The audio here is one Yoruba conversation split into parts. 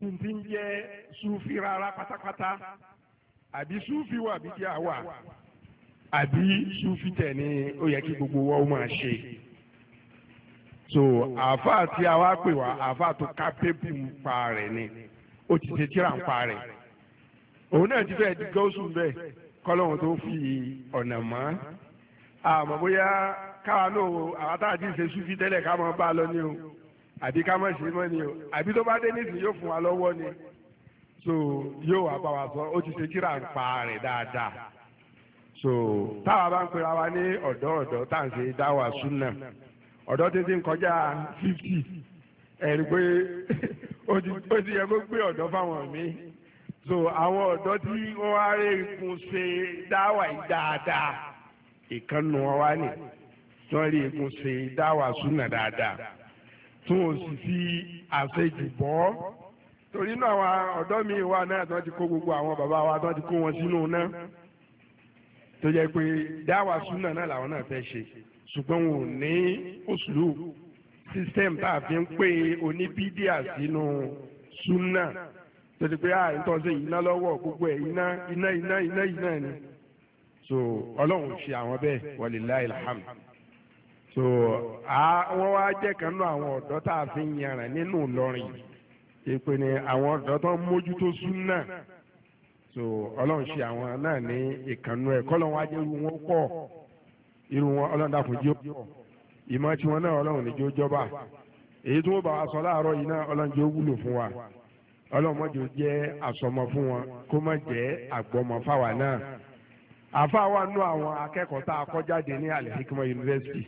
tí ń jẹ́ súfì rárá pátápátá àbí súfì wà bí díà wà àbí súfì tẹ̀ ni ó yẹ kí gbogbo wa ó máa ṣe so àáfàá tí a wá pè wá àáfàá tó ká pépù ń pa rẹ̀ ni ó ti ṣe tíra ń pa rẹ̀ òun náà ti fẹ́ di gọ́ọ̀sù bẹ́ẹ̀ kọ́lọ́hún tó fi ọ̀nà mọ́ àmọ́ bóyá káwa náà àwọn tá a ti ṣe súfì tẹ́lẹ̀ ká máa bá a lọ ní o àbí ká má ṣe mọ́ ni o àbí tó bá dé nísìnyí yóò fún wa lọ́wọ́ ni so yóò wá bá wa sọ ó ti ṣe kíra ń pa rẹ̀ dáadáa so táwa bá ń pera wa ní ọ̀dọ́ ọ̀dọ́ tá à ń ṣe dáwà súnà ọ̀dọ́ tètè ń kọjá fifty ẹ̀rí pé ó ti yẹ kó gbé ọ̀dọ́ fáwọn mi so àwọn ọ̀dọ́ tí wọ́n wá rí ikun ṣe dáwà yìí dáadáa ìkànnù wọn wá ní tí wọ́n ṣe dáwà súnà dáadáa tún ò sì fi àṣejù bọ́ torí náà àwọn ọ̀dọ́ mi wà náà tí wọ́n ti kó gbogbo àwọn bàbá wa tí wọ́n ti kó wọn sínú náà tó jẹ́ pé dáwà súnà náà làwọn náà fẹ́ ṣe ṣùgbọ́n wọn ò ní òṣùlù system tá a fi ń pè oníbídíà sínú súnà tó ti pé à ń tọ́sí iná lọ́wọ́ gbogbo ẹ̀ iná iná iná iná iná ni so ọlọ́run ṣe àwọn bẹ́ẹ̀ walillahil hamd so wọ́n wá jẹ́ kan nínú àwọn ọ̀dọ́ tá a fi ń yanràn nínú Ìlọrin ìpè ní àwọn ọ̀dọ́ tó ń mójútó súnà so ọlọ́run ṣe àwọn náà ní ìkànnú ẹ̀ kọ́ lọ́wọ́ ajé irú wọn pọ̀ irú wọn ọlọ́run dàpọ̀ jí ó pọ̀ ìmọ̀ tí wọn náà ọlọ́run ní jó jọba èyí tó bá wa sọ láàárọ̀ yìí náà ọlọ́run jó wúlò fún wa ọlọ́run mọ́jọ jẹ́ àsọmọ fún wọn kó má jẹ́ àgbọmọ fáwa náà àfa wa nú àwọn akẹ́kọ̀ọ́ tá a kọ́ jáde ní Al-Hikma University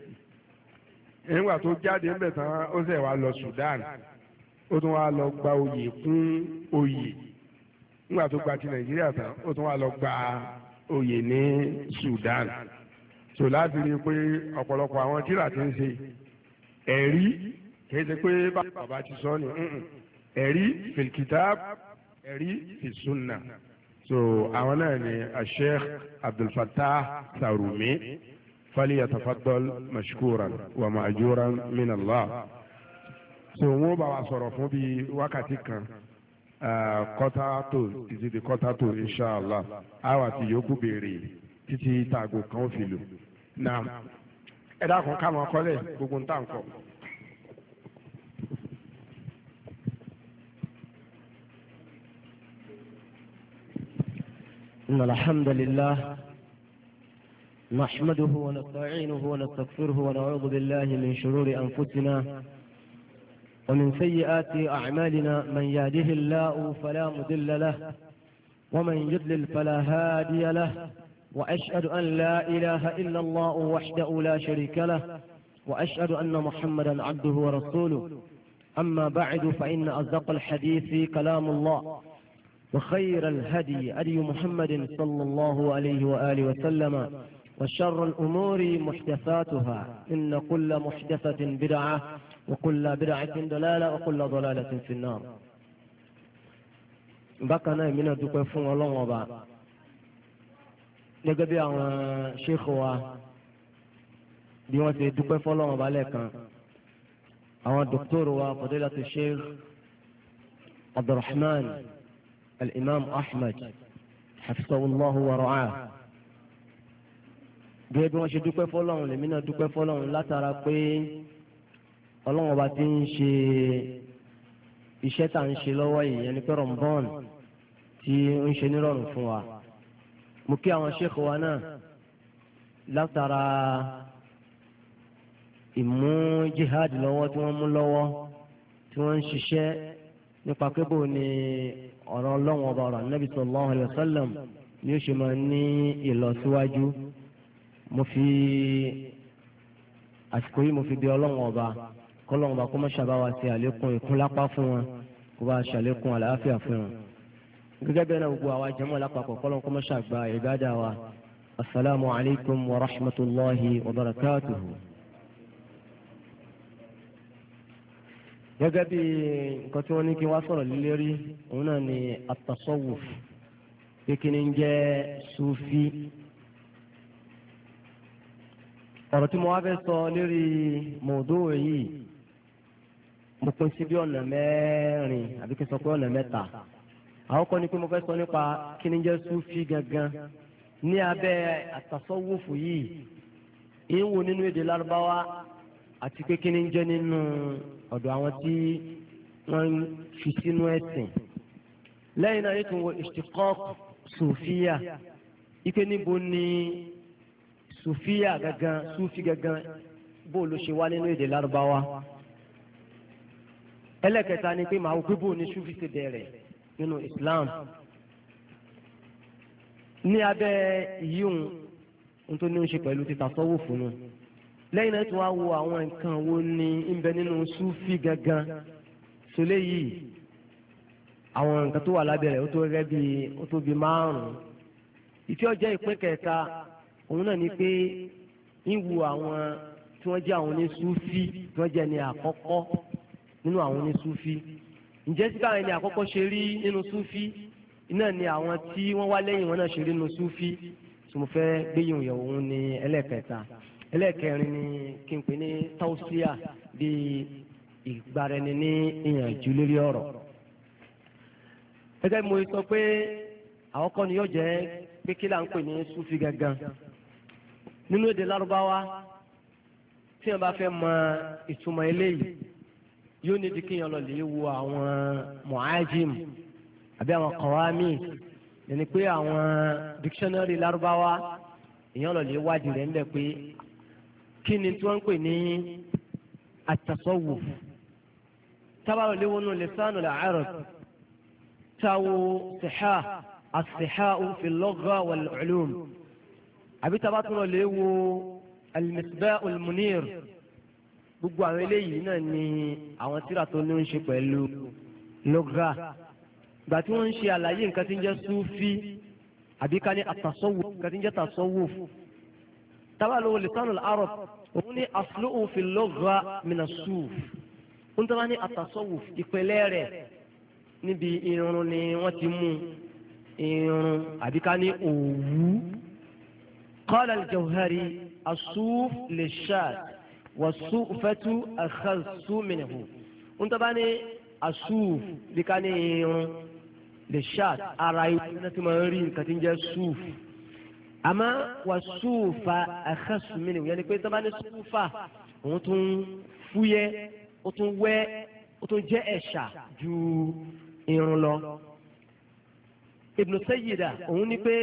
nígbà tó jáde ńbẹ̀ tán ó ṣẹ̀ wá lọ Sudan ó tún wá lọ gba oyè kún oyè nígbà tó gba ti Nàìjíríà tán ó tún wá lọ gba oyè ní Sudan so láti rí i pé ọ̀pọ̀lọpọ̀ àwọn tíra ti ń ṣe ẹ̀rí kìí ṣe pé bàbá ti sọ ni ẹ̀rí fìlkìtàb ẹ̀rí fìsúnà so àwọn náà ni Sheikh Abdulfatah Sarumi falyatafaddal mashkuran wa ma'juran min Allah. so wọ́n bá wa sọ̀rọ̀ fún bíi wákàtí kan kọ́tà tó ìdíje kọ́tà tó inṣàlá àwọn àti yòókù béèrè títí tààgò kan ó fi lò. naam ẹ dákun ká máa kọ́lẹ̀ gbogbo ń tà ń kọ́. ان الحمد لله نحمده ونستعينه ونستغفره ونعوذ بالله من شرور أنفسنا ومن سيئات أعمالنا من يهده الله فلا مضل له ومن يضلل فلا هادي له وأشهد أن لا إله إلا الله وحده لا شريك له وأشهد أن محمدا عبده ورسوله أما بعد فإن أصدق الحديث كلام الله وخير الهدي أدي محمد صلى الله عليه وآله وسلم وشر الأمور محدثاتها إن كل محدثة بدعة وكل بدعة ضلالة وكل ضلالة في النار بقنا من الدقيف والله وبا لقد شيخ و ديوان في الدقيف والله وبا لك الدكتور وفضيلة الشيخ عبد الرحمن الإمام أحمد حفظه الله ورعاه gẹ́gẹ́ bí wọ́n ṣe dúpẹ́ fọlọ́run lèmi náà dúpẹ́ fọlọ́run látara pé ọlọ́run ọba ti ń ṣe iṣẹ́ tá à ń ṣe lọ́wọ́ yìí ẹni pé rọ̀mbọ́n tí ń ṣe nírọ̀rùn fún wa mo kí àwọn ṣéèkì wa náà látara ìmú jihad lọ́wọ́ tí wọ́n mú lọ́wọ́ tí wọ́n ń ṣiṣẹ́ nípa kébò ni ọ̀rọ̀ ọlọ́run ọba ọ̀rọ̀ Ànábì sallallahu alaihi wasallam ni ó ṣe máa ní ìlọsíwájú mo fi àsìkò yìí mo fi bí ọlọ́run ọba kọ́lọ́run ọba kó má ṣàbá wa ṣe àlékún ìkúnlápá fún wọn kó bá ṣàlékún àlàáfíà fún wọn. gẹ́gẹ́ bẹ́ẹ̀ náà gbogbo àwa jẹ́mọ́ lápapọ̀ kọ́lọ́run kó má ṣàgbà ìbádà wa asalaamu alaykum wa rahmatulahi wa barakatuhu. gẹ́gẹ́ bí nǹkan tí wọ́n ní kí wọ́n sọ̀rọ̀ lélẹ́rí òun náà ni at-tasawwuf ń jẹ́ sufi ọ̀rọ̀ tí mo wá fẹ́ sọ lérí mòdó yìí mo pín sí bí ọ̀nà mẹ́rin àbí kí n sọ pé ọ̀nà mẹ́ta àwọn kan ní pé mo fẹ́ sọ nípa kí ni jẹ́ súfì gangan ní abẹ́ àtàsọ́wọ́fù yìí ìwò nínú èdè lárúbáwá àti pé kí ni jẹ́ nínú ọ̀dọ̀ àwọn tí wọ́n ń fi sínú ẹ̀sìn lẹ́yìn náà yóò tún wọ ìṣtìkọ́ sùfíà ike níbo ni sufiya gangan sufi gangan bó ló ṣe wá nínú èdè lárúbáwá ẹlẹ́kẹta ni pé màá wò ni sufi ṣe bẹ̀rẹ̀ nínú islam ní abẹ́ yíyún nítorí ní ń ṣe pẹ̀lú títa sọ́wọ́ fún un lẹ́yìn náà tí wọ́n á wo àwọn nǹkan wo ni ń bẹ nínú sufi gangan sólé yìí àwọn nǹkan tó wà lábẹ́ rẹ̀ ó tó rẹ́ bíi ó tó bíi márùn-ún ìfẹ́ ọjọ́ ìpín kẹta òun náà ni pé ń wu àwọn tí wọ́n jẹ́ àwọn onísúfí tí wọ́n jẹ́ ẹni àkọ́kọ́ nínú àwọn onísúfí ǹjẹ́ sí káwọn ẹni àkọ́kọ́ ṣe rí nínú súfí náà ni àwọn tí wọ́n wá lẹ́yìn wọn náà ṣe rí nínú súfí tí mo fẹ́ gbéyìn òyà òun ní ẹlẹ́ẹ̀kẹta ẹlẹ́ẹ̀kẹrin ni kí n pè ní tausia bíi ìgbaraẹni ní ìyànjú lórí ọ̀rọ̀ gẹ́gẹ́ mo sọ pé àkọ́kọ́ ni yóò jẹ́ pé kí là ń pè ní súfí gangan nínú èdè lárúbáwá tí wọn bá fẹ́ mọ ìtumọ̀ eléyìí yóò ní di kéèyàn lọ lè wo àwọn mu'ajim àbí àwọn kọ̀wámì ẹni pé àwọn dictionary lárúbáwá èèyàn lọ lè wádìí rẹ̀ ńlẹ̀ pé kí ni tí wọ́n pè ní at-tasawwuf tábàlù léwónú lisanul arab táwo sèhá sèhá fi al-lugha wal àbí tá a bá tún lọ lè wo al-Misbah al-Munir gbogbo àwọn eléyìí náà ni àwọn tíra tó ní ń ṣe pẹ̀lú lọ́gà gbà tí wọ́n ń ṣe àlàyé nǹkan tí ń jẹ́ súfì àbí ká ní àtàsọ́wò nǹkan tí ń jẹ́ tàsọ́wò tábàlówó lisanu al òun ní asluhu fi lọ́gà mina súf ń tọ́ba ní àtàsọ́wò ìpìlẹ̀ rẹ̀ níbi irun ni wọ́n ti mú irun àbí ká ní òwú. قال الجوهري الصوف للشاة والصوفة أخص منه أنت باني الصوف بكاني للشاة أرأيت نتمارين كتنجا الصوف أما والصوفة أخص منه يعني كنت باني الصوفة وتن فوية وتن وي وتن جاء الشاة جو إيرون لو ibnu sayida òun ni pé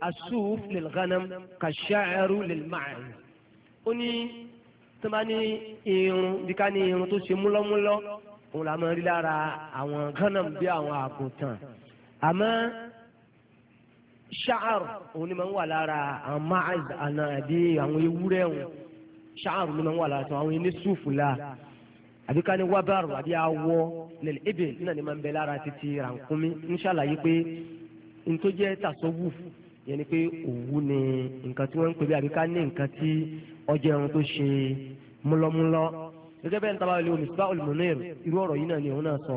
asuf lil ghanam ka sha'ru lil ma'i ó ní tó bá ní irun bí ká ní irun tó ṣe múlọ́múlọ́ òun la máa rí lára àwọn ghanam bí àwọn àgùntàn àmọ́ sha'ar òun ni máa ń wà lára àwọn ma'i àbí àwọn ewúrẹ́ òun sha'ar ni máa ń wà lára àwọn ẹni sùfù àbí ká ní wábàrù àbí awọ lil ibil náà ni máa ń bẹ lára títí rànkúmi ń ṣàlàyé pé ntọ́jẹ́ tàṣọ́wù yẹn ni pé òwú ni nǹkan tí wọ́n ń pè bí àbíká ní nǹkan tí ọjọ́ ẹran tó ṣe múlọ́múlọ́ gẹ́gẹ́ bẹ́ẹ̀ níta bá wọlé olùsùpá olùmọ̀nẹ́rù irú ọ̀rọ̀ yìí náà ni òun náà sọ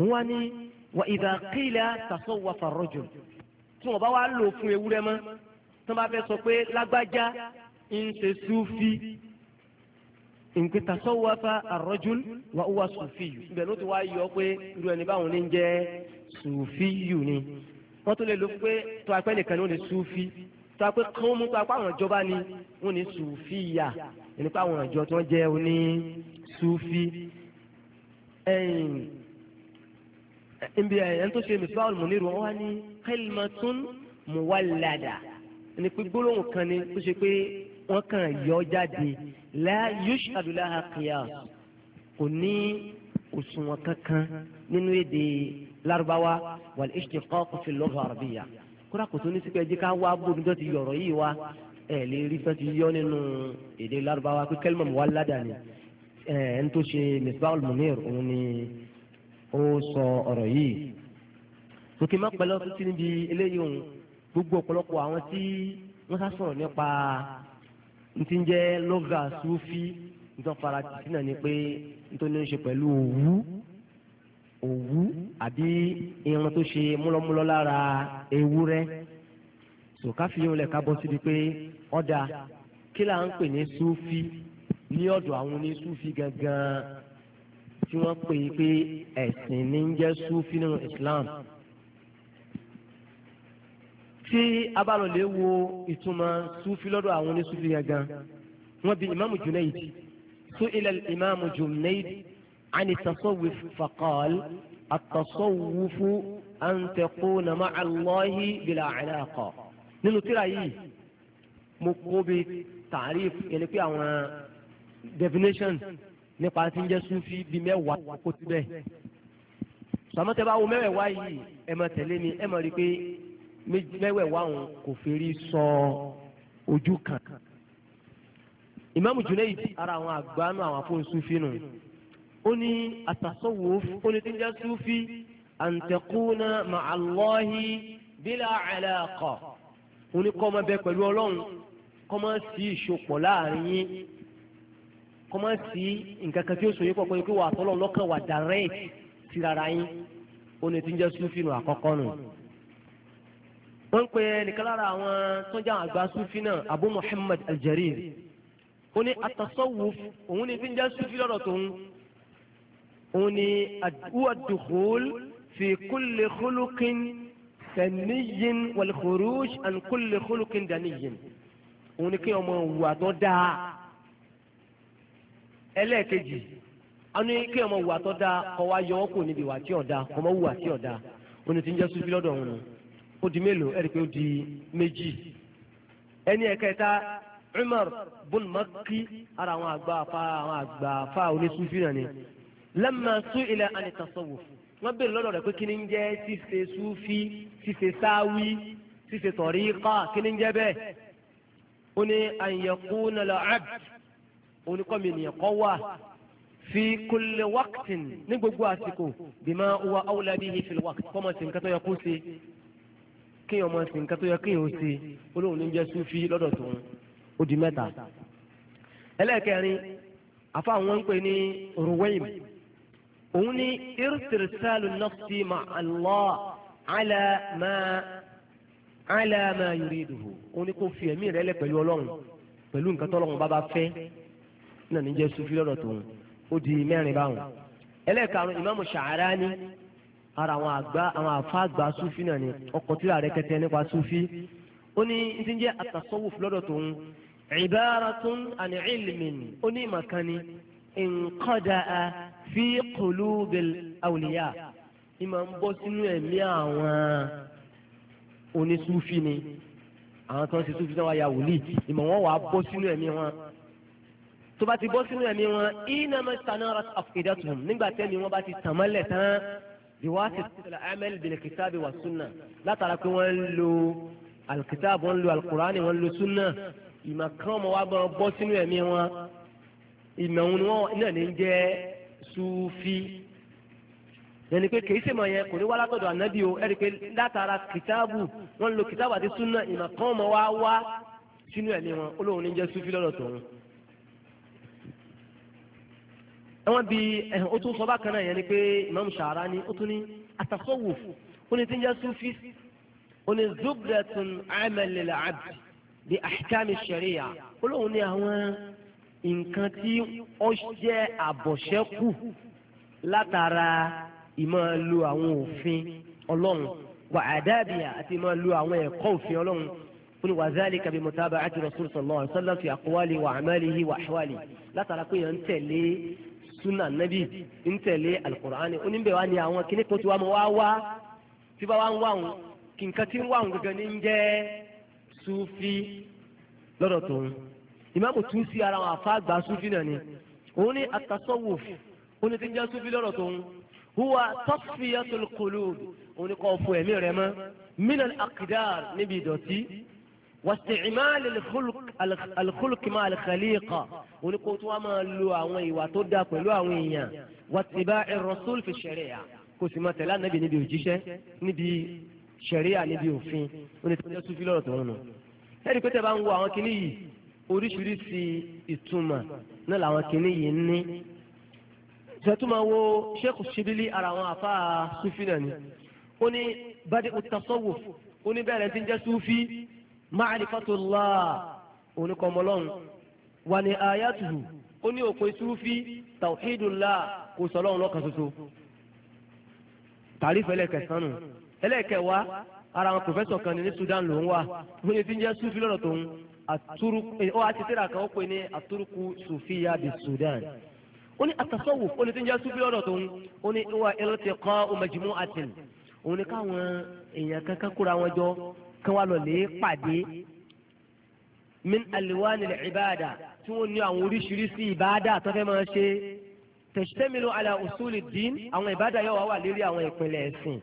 òun wá ní wà ìdá kílẹ̀ tàṣọ́wà fàrọ́jù tí wọ́n bá wá lò fún ewúrẹ́ mọ́ tí wọ́n bá fẹ́ sọ pé lágbájá ń ṣe súfì nǹkan tàṣọ́wà fàrọ́jù wà wá súfì yù wọ́n tó lè lo pé tó apẹ́ nìkan ni wọ́n ní sufi tó apẹ́ kán mú tó apẹ́ àwọn ìjọba ni wọ́n ní sufiya nípa àwọn ìjọ tó ń jẹ́ oní sufi ẹ̀yìn nbi ẹ̀yìn tó ṣe misbahul munir wọ́n wá ní kalimatun muwallada ní pé gbólóhùn kan ni tó ṣe pé wọ́n kàn yọ jáde la yushhadu laha qiyas kò ní òṣùwọ̀n kankan nínú èdè lárúbáwá wal ishtiqaq fi lugha arabiyya kódà kò tún ní sípẹ́ jẹ́ ká wá bóbi tó ti yọ̀rọ̀ yìí wá ẹ̀ lè rí tó ti yọ nínú èdè lárúbáwá pé kẹ́lìmọ̀ mi wá ládàá ni ẹ̀ ń tó ṣe misbahul munir òun ni ó sọ ọ̀rọ̀ yìí sókè má pẹ́ lọ́sùn gbogbo ọ̀pọ̀lọpọ̀ àwọn tí wọ́n sá sọ̀rọ̀ nípa ntí ń sufi nítorí farati ni pé nítorí ó ń ṣe pẹ̀lú òwú àbí irun tó ṣe múlọmúlọ lára ewúrẹ́ so káfíń lẹ ká bọ síbi pé ọdà kí là ń pè ní súfì ní ọ̀dọ̀ àwọn oní súfì gangan tí wọ́n pè é pé ẹ̀sìn ní ń jẹ́ súfì nínú Islam tí a bá lọ lè wo ìtumọ̀ súfì lọ́dọ̀ àwọn oní súfì gangan wọ́n bi Imam Junaid so ilẹ̀ Imam Junaid. عن التصوف فقال التصوف أن تكون مع الله بلا علاقة nínú tírà yìí mo kó bi taarif yẹn pé àwọn definition nípa tí ń jẹ́ sufi bíi mẹ́wàá kó síbẹ̀ sọmọtẹ bá wo mẹ́wẹ̀ẹ̀wá yìí ẹ máa tẹ̀lé mi ẹ máa rí i pé mẹ́wẹ̀ẹ̀wá òun kò fèrè sọ ojú kan ìmáàmù Junayd ara àwọn àgbánu àwọn afọ́nsufi nù ó ní at-tasawwuf ó ní tí ń jẹ́ súfì an takuna ma'a Allahi bila alaqa ó ní kọ́ máa bẹ pẹ̀lú ọlọ́run kọ́ máa sí ìṣopọ̀ láàrin yín kọ́ máa sí nǹkan kan tí ó sòye pọ̀ pé kí wà á tọ́lọ́ lọ́kàn wà direct sí rárá yín ó ní tí súfì nù àkọ́kọ́ nù wọ́n pe nìkan lára àwọn tó ń jẹ́ àgbà súfì náà abu muhammad aljariri ó ní at òun ní tí ń jẹ́ súfì lọ́dọ̀ òun ni huwa dukhul fi kulli khuluqin sẹ̀míyìn wal khuruj an kulli khuluqin daniyin òun ni kí ọmọ wà tó dáa ẹlẹ́ẹ̀kejì anu kí ọmọ wà tó dáa ọwọ́ ayọ̀ wọn kò níbi wà tí ọ̀dà ọmọ wà tí ọ̀dà òun ni ti ń jẹ́ sufi lọ́dọ̀ òun nù di mélòó ẹ̀rí pé ó di méjì ẹni ẹ̀kẹta Umar bun ara àwọn àgbà fa àwọn àgbà fa onísùfì náà ni lamma su'ila ani tasawuf wọ́n bèrè lọ́dọ̀ rẹ̀ pé kí ni ń jẹ́ ṣíṣe súfì ṣíṣe sáwí ṣíṣe tọ̀ríkà kí ni ń jẹ́ bẹ́ẹ̀ ó ní an yakuna al-abd oníkọ́mìnìyàn kọ́ wà fi kulli waqtin ní gbogbo àsìkò bima huwa awla bihi fil waqt kọ́mọ̀ sí nǹkan tó yẹ kó ṣe kéèyàn máa sìn nǹkan tó yẹ kéèyàn ó ṣe olóhùn ní jẹ́ súfì lọ́dọ̀ tòun ó di mẹ́ta. ẹlẹ́ẹ̀kẹrin àfa àwọn ń pè ní ruwaim òun ni irtirsalu nafsi ma allah ala ma ala ma yuriduhu òun ni kò fi ẹ̀mí rẹ̀ lẹ̀ pẹ̀lú ọlọ́run pẹ̀lú nǹkan tọ́lọ́run bá bá fẹ́ náà ní jẹ́ sufi lọ́dọ̀ tòun ó di mẹ́rin báwọn ẹlẹ́ẹ̀karùn-ún ìmáàmù Ṣàáránì ara àwọn àgbà àwọn àfa àgbà sufi náà ni ọkọ̀ tí ààrẹ kẹtẹ nípa sufi ó ní ti ń jẹ́ àtàsọ́wùf lọ́dọ̀ tòun ìbáratún àní ìlmìn ó ní ìmàkánni nǹkan dáa fi qulubil awliya ìmọ̀ ń bọ́ sínú ẹ̀mí àwọn onísúfì ni àwọn tó ń ṣe súfì náà ya wòlíì ìmọ̀ wọn wà á bọ́ sínú ẹ̀mí wọn tó bá ti bọ́ sínú ẹ̀mí wọn innama istanarat afidatuhum nígbà tẹ́ni wọn bá ti tàn mọ́lẹ̀ tán biwaasi amẹ́lì bìlẹ̀ kìtàbí wà súnà látara pé wọ́n lo alikitaabu wọ́n lo alukurani wọ́n lo súnà ìmọ̀ kan ọmọ wa gbọ́n bọ́ sínú ẹ̀mí wọn ìmọ̀ wọn náà ní sufi, yẹn ni pé kì í ṣe mọ̀ yẹn kò ní wá látọ̀dọ̀ ànábì o ẹ̀rí pé látara kìtáàbù wọ́n lo kìtáàbù àti súnà ìmọ̀ kan mọ̀ wá wá sínú ẹ̀mí wọn olóhùn ní jẹ́ súfì lọ́dọ̀ tòun. ẹ̀wọ̀n bíi ẹ̀hìn ó tún sọ bákan náà yẹn ni pé Imam Sharani ó tún ní àtàkọ́wò ó ní ti ń jẹ́ súfì ó ní zubratun amalil bi ahkam sharia olóhùn ní àwọn nǹkan tí ó jẹ́ àbọ̀ṣẹ́kù látara ìmọ̀ lu àwọn òfin ọlọ́run wà àdábìyà àti ìmọ̀ àwọn ẹ̀kọ́ òfin ọlọ́run fún wa zalika bi mutaba'ati rasul sallallahu alaihi wasallam fi aqwali wa amalihi wa ahwali látara pé yẹn ń tẹ̀lé sunna nabi ń tẹ̀lé alukur'ani oníbẹ̀ wa ni àwọn kíní kó tí wàá mọ̀ wá wá tí bá wá ń wá òun kí nǹkan tí ń wá òun gẹ́gẹ́ ní ń jẹ́ sufi lọ́dọ̀ tòun ìmáàmù tún sí ara wọn àfa àgbà súfì náà ni òun ní at-tasawwuf òun ti ń jẹ́ súfì lọ́rọ̀ tó ń huwa tasfiyatul qulub òun ní kọ́ fún ẹ̀mí rẹ̀ mọ́ min al-aqdar níbi ìdọ̀tí واستعمال الخلق الخلق مع الخليقة ونقول وما لو عوي وتدع كل عويا واتباع الرسول في الشريعة كسمة لا نبي نبي وجيشة نبي شريعة نبي وفين ونتمنى سوفي لورا تونو هذه كتب عن وعن كنيه oríṣiríṣi ìtumọ̀ náà làwọn kìíní yìí ní. ìṣètùmọ̀ wo sheikh shibili ara àwọn afa sufi náà ni ó ní badi utasawuf ó ní bẹ́ẹ̀rẹ̀ tí ń jẹ́ sufi ma'rifatullah oníkọ̀mọlọ́hún wà ní ayatuhu ó ní òpin sufi tawhidullah kò sọlọ́hún lọ́kàn ṣoṣo. tàrífù ẹlẹ́kẹ̀sánù ẹlẹ́kẹ̀wá ara àwọn pòfẹ́sọ̀ kan ní Sudan ló ń wà ó ní ń jẹ́ sufi lọ́dọ̀ tòun aturuku ó eh, oh, àti tíra kan ó pè ní aturuku sufiya bi sudan ó ní atasọ́wò ó ní tí ń jẹ́ sufi lọ́dọ̀ tó ń ó ní ìwà iltiqa'u majmu'atin òun ni káwọn èèyàn kankan kóra wọn jọ kí wọ́n lọ lè pàdé min aliwani ibada tí wọ́n ní àwọn oríṣiríṣi ibada tó fẹ́ máa ṣe tẹ̀sítẹ́mìlú ala usuli din àwọn ibada yóò wá wà lérí àwọn ìpìlẹ̀ ẹ̀sìn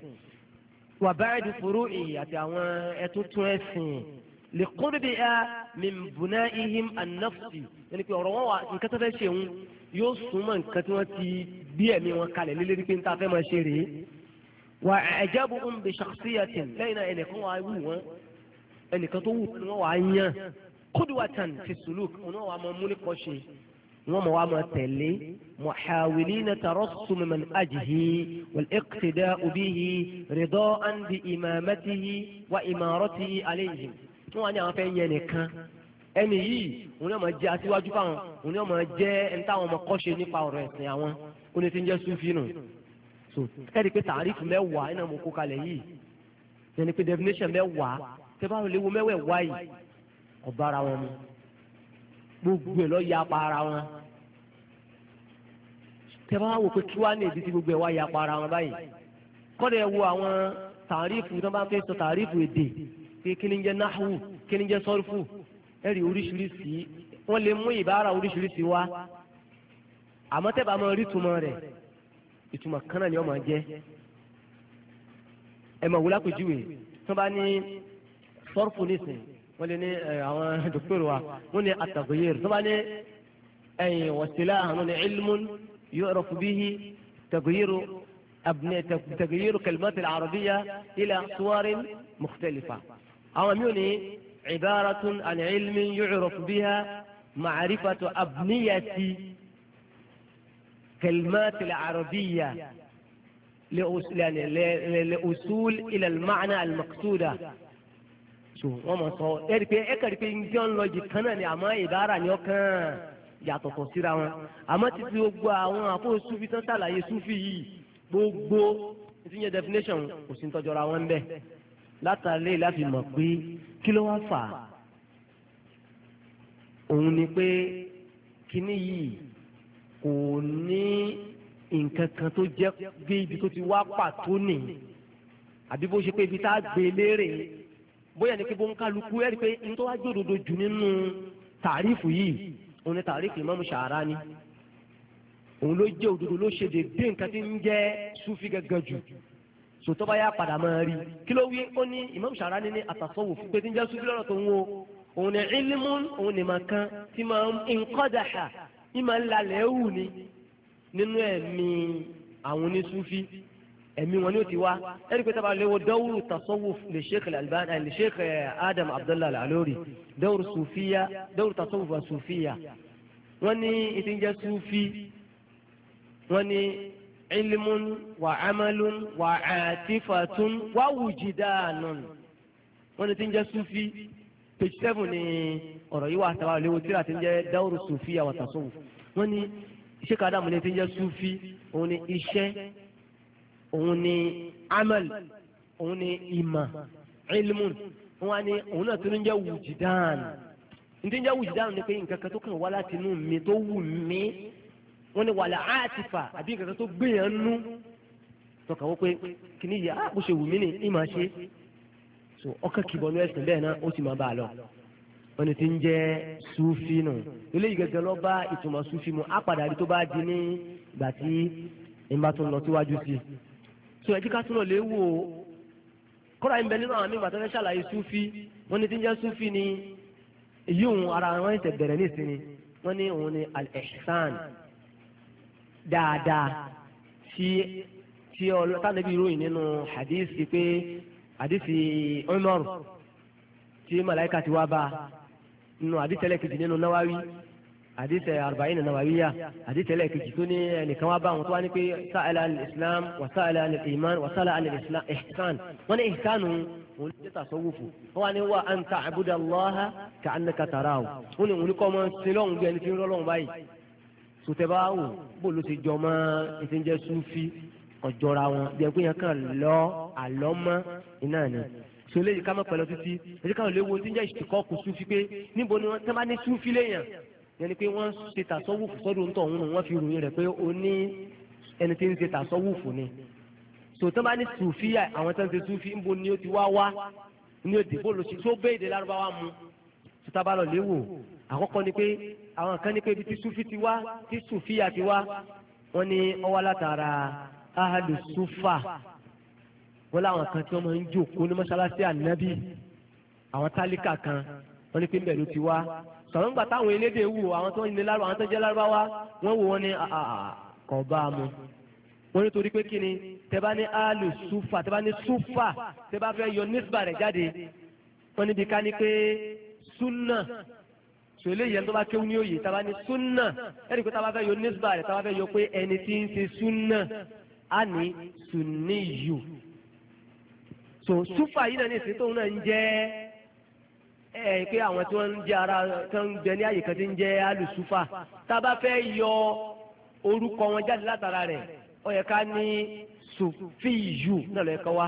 wà báyìí furu ìyàtọ̀ àwọn ẹ̀tútù ẹ̀sìn. لقربها من بنائهم النفسي يعني كي أروا إن كتب شيء يوسما إن من وكاله وكالي للي كنت ما شيري وأعجبهم بشخصية لينا إن كوا عيون إن كتو نوا عينيا قدوة في السلوك نوا ممولي كوشي وما ما تلي محاولين ترسم من أجه والاقتداء به رضاء بإمامته وإمارته عليهم tí wọ́n á ní àwọn fẹ́ yẹ nìkan ẹni yìí òun yóò máa jẹ́ aṣíwájú fáwọn òun yóò máa jẹ́ ẹni táwọn ọmọ kọ́ṣe nípa ọ̀rọ̀ ẹ̀sìn àwọn ó ní ti ń jẹ́ sufi nù so kẹ́ni pé tàrífù mẹ́wàá iná mo kó kalẹ̀ yìí ẹni pé definition mẹ́wàá tẹ́ bá lè wo mẹ́wẹ̀ẹ́wá yìí ọba ara wọn mu gbogbo ẹ̀ lọ ya pa ara wọn tẹ́ bá wò pé kí wá ní ìdí tí gbogbo ẹ̀ wá ya pa ara wọn báyìí kọ́dẹ̀ wo àwọn tàrífù tó bá fẹ́ sọ tàrífù pé kí ni ń jẹ́ náhù kí ni ń jẹ́ sọ́rífù ẹ̀rí oríṣiríṣi wọ́n lè mú ìbára oríṣiríṣi wá àmọ́ tẹ́ bá máa rí ìtumọ̀ rẹ̀ ìtumọ̀ kan náà ni wọ́n máa jẹ́ ẹ mọ̀ wúlá kò júwe tó bá ní sọ́rífù nísìn wọ́n lè ní àwọn dókítà wa wọ́n ní àtàgbéyèrè tó bá ní ẹ̀yìn wọ̀sílá àwọn ní ilmun yu'rafu bihi tàgbéyèrè أبناء تغيير كلمات العربية إلى صور مختلفة àwọn mi ò ní ibaratun an ilmi yu'raf biha ma'rifatu abniyati kalimati al-arabiyya li'usul ila al-ma'na al-maqsuda so wọn mọ sọ ẹrí pé ẹ kàrí pé njẹ́ ń lọ jì kan náà ni àmọ́ ìbára ni ọkàn yàtọ̀tọ̀ síra wọn àmọ́ títí gbogbo àwọn àpò sufi tán ṣàlàyé sufi yìí gbogbo ti yẹ definition kò sí ń tọ́jọ́ra wọn bẹ́ẹ̀ látàlẹ́ láti mọ̀ pé kí ló wá fà á òun ni pé kíní yìí kò ní nǹkan kan tó jẹ́ gbé ibi tó ti wá pàtó nì àbí bó ṣe pé ibi tá a gbé e léèrè bóyá ni pé bó ń kálukú ẹ̀rí pé n tó wá jòdòdò jù nínú tàrífù yìí òun ni tàrífù Imam Sha'rani òun ló jẹ́ òdodo ló ṣe dédé nǹkan tí ń jẹ́ súfì gẹ́gẹ́ jù sòtọ́ bá yá padà máa rí kí ló wí ó ní Imam Sharani ní àtàsọ́wò fún pé tí ń jẹ́ sùfí lọ́rọ̀ tó ń wo òun ní ilmun òun ní màkàn tí máa ń nkọ́dàṣà ní máa ń lalẹ̀ wù ni nínú ẹ̀mí àwọn onísùfí ẹ̀mí wọn ni ó ti wá ẹ̀rí pé tábà léwo dawru tasawuf lè Sheikh Al-Albani eh, Sheikh eh, Adam Abdullah alori dawru sufiya dawru tasawuf wa sufiya wọ́n ní ìtìjẹ́ sùfí wọ́n ní ilmun wa amalun wa atifatun wa wujidanun wọ́n ní tí ń jẹ́ sufi page seven ni ọ̀rọ̀ yìí wà àtàwọn àlewo tíra tí ń jẹ́ dáwùrù sufi àwọn tasawuf wọ́n ní iṣẹ́ kàdámù ni tí ń jẹ́ sufi òun ni iṣẹ́ òun ni amal òun ni ìmà ilmun wọ́n á òun náà tún ń jẹ́ wujidan ní ń jẹ́ wujidan ni pé nǹkan kan tó kàn wá láti inú mi tó wù mí wọ́n ní wàlẹ̀ àtìfà àbí nǹkan tó gbìyàn nú tọkàn wọ́n pé kìíní yà á kó ah, ṣe wù mí ní ìmọ̀ ṣe so ọkàn kìbọn ní ẹ̀sìn bẹ́ẹ̀ náà ó sì máa bá a lọ wọ́n ní ti ń jẹ́ sufi nù eléyìí gẹ́gẹ́ lọ bá ìtumọ̀ sufi mu á padà tó bá di ní ìgbà tí ìmọ̀ tó ń lọ síwájú sí i so ẹ jẹ́ ká túnọ̀ lé wò ó kọ́ra ìbẹ nínú àwọn mímọ̀ tó ṣàlàyé sufi wọ́n ní ti ń jẹ́ sufi ni èyí òun ara wọn ìtẹ̀gbẹ̀rẹ̀ ní ìsinmi wọ́n ní òun ni al-ihsan dáadáa tí tí ọlọ́tàlẹ́bí ròyìn nínú hadisi pé hadisi Umar tí màláìka ti wá bá nínú hadisi ẹlẹ́kejì nínú náwáwí hadisi arba'in náwáwíyà hadisi ẹlẹ́kejì tó ní ẹnìkan wá bá wọn tó wá ní pé sa'ala al-islam wa sa'ala al-iman wa sa'ala al-islam ihsan wọn ní ihsanu òun ní tasawufu wọn wá ní wa an ta'budallaha ka'annaka tarahu wọn ní òun ní kọ́ ọmọ sílọ́ọ̀n bí ẹni tí ń rọ́lọ́ọ̀ báyìí sotẹ́bá wò bó ló ti jọ mọ́ ètò sufi ọ̀jọ̀ra wọn jẹ́ pé yẹn kàn lọ àlọ́ mọ́ iná ni sọlẹ́ yìí ká má pẹ̀lú títí èyí káwọn lè wo tí ń sufi pé níbo ni wọ́n tẹ́ bá sufi le yẹn ni pé wọ́n ṣe tàṣọ́wùfù sọ́dọ̀ ń tọ̀ ọ̀hún wọ́n fi ròyìn rẹ̀ pé ó ní ẹni tí ń ṣe tàṣọ́wùfù ni sọtẹ́ bá ní sufi àwọn tó ń ṣe sufi níbo ni ó ti wá wá ní òdìbò lọ́sí tó bẹ́ẹ̀ tábàlọ̀ léwò àkọ́kọ́ ni pé àwọn kan ní pé ibi tí sufi ti wá tí sufiya ti wá wọ́n ní ọwọ́ látara ahalu sufa wọ́n láwọn kan tí wọ́n máa ń jòkó ní mọ́ṣáláṣí ànábì àwọn tálíkà kan wọ́n ní pé mbẹ̀rù ti wá sọ̀rọ̀ ńgbà táwọn elédè wù àwọn tó ń ní lárúbáwá àwọn tó jẹ́ lárúbáwá wọ́n wò wọ́n ní ah, ah, ah, kọ̀ bá a mu wọ́n ní torí pé kí ni tẹ́ ní ahalu sufa tẹ́ bá ní sufa tẹ́ bá fẹ́ yọ nísbà rẹ̀ jáde wọ́n níbi ká ní pé súnà sọ eléyìí ẹni tó bá kéwú ní òye tá a bá ní súnà ẹni pé tá a bá fẹ́ yọ nísbà rẹ̀ tá a bá fẹ́ yọ pé ẹni tí ń ṣe súnà á ní sùnìyù so sufa yìí náà ní ìsìn tóun náà ń jẹ́ ẹ pé àwọn tí wọ́n ń jẹ́ ara tó ń jẹ ní àyè kan tí ń jẹ́ alùsúfà tá a bá fẹ́ yọ orúkọ wọn jáde látara rẹ̀ ó yẹ ká ní sùfìyù náà lọ́ọ́ yẹ ká wá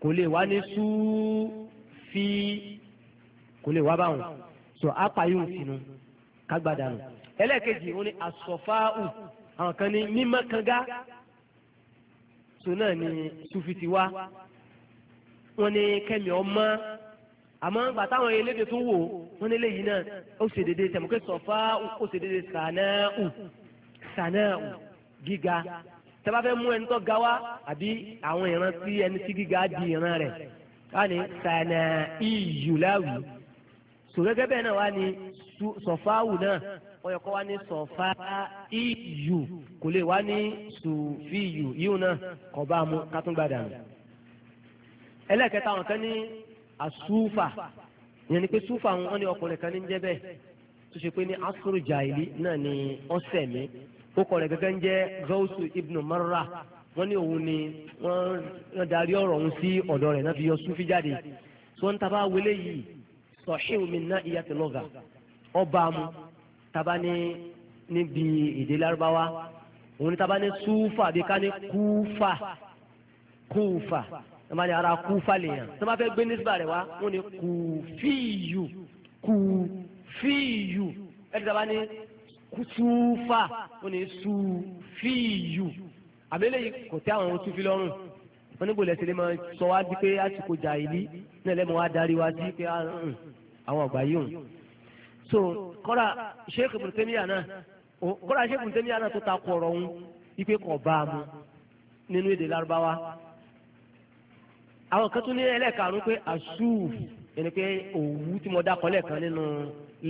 kò lè wá ní sùfìyù kò lè wá báwọn so apá yóò sinú kágbádà nù. ẹlẹ́ẹ̀kejì òun ni asọ̀fáàù àwọn kan ní mímọ́kangá so náà ni sufi ti wá wọn ní kẹmí ọmọ àmọ́ gbà táwọn elédè tó wò wọn ní léyìí náà ó ṣe déédéé tẹ̀mọ́ pé sọ̀fáàù ó ṣe déédéé sànáù sànáù gíga tẹ́bá fẹ́ mú ẹni tó ga wá àbí àwọn ìran ẹni tí gíga di ìran rẹ̀ ká ní sànáù ìyùláwì so gẹ́gẹ́ bẹ́ẹ̀ náà wá ní sọ̀fáwù náà wọ́n yẹ kó wá ní sọ̀fá iyù kò lè wá ní sùfíyù yíwù náà kò bá mu kátúngbàdà nù. ẹlẹ́kẹta àwọn kan ní asúfà ìyẹn ni pé súfà wọn ní ọkùnrin kan ní jẹ́ bẹ́ẹ̀ tó ṣe pé ní asúrù jàìlì náà ni wọ́n sẹ̀ mí ó kọ̀ rẹ̀ gẹ́gẹ́ ń jẹ́ gawusu ibnu marra wọ́n ní òun ni wọ́n darí ọ̀rọ̀ òun sí ọ̀dọ̀ rẹ̀ náà fi yọ súfì jáde tó wọlé yìí sọ̀hìn omi náà ìyá ti lọ́gà ọba mu taba ní níbi èdè lárúbáwá òun ni taba ní súfà bí ká ní kúfà kúfà tọ́ba ní ara kúfà lèèyàn tọ́ba fẹ́ gbé nísìbà rẹ̀ wá wọ́n ní kùfíìyù kùfíìyù ẹ̀ tọ́ba ní súfà wọ́n ní súfíìyù àbẹ́lẹ́ kò tẹ́ àwọn ohun tó fi lọ́rùn wọ́n níbo lẹ́sẹ̀ lè máa sọ wá di pé àsìkò jàìlì náà lẹ́mọ̀ wá darí wá sí pé ah, mm, àwọn ọ̀gbà yìí hùn. so kọ́ra sheikh ibn taymiya náà kọ́ra sheikh ibn taymiya náà tó ta kọ̀rọ̀ ọ̀hún ipe kọ̀ bá a mu nínú èdè lárúbáwá. àwọn kan tún ní ẹlẹ́ẹ̀karùn-ún pé asúù ẹni pé òwú tí mo dákọ̀ lẹ́ẹ̀kan nínú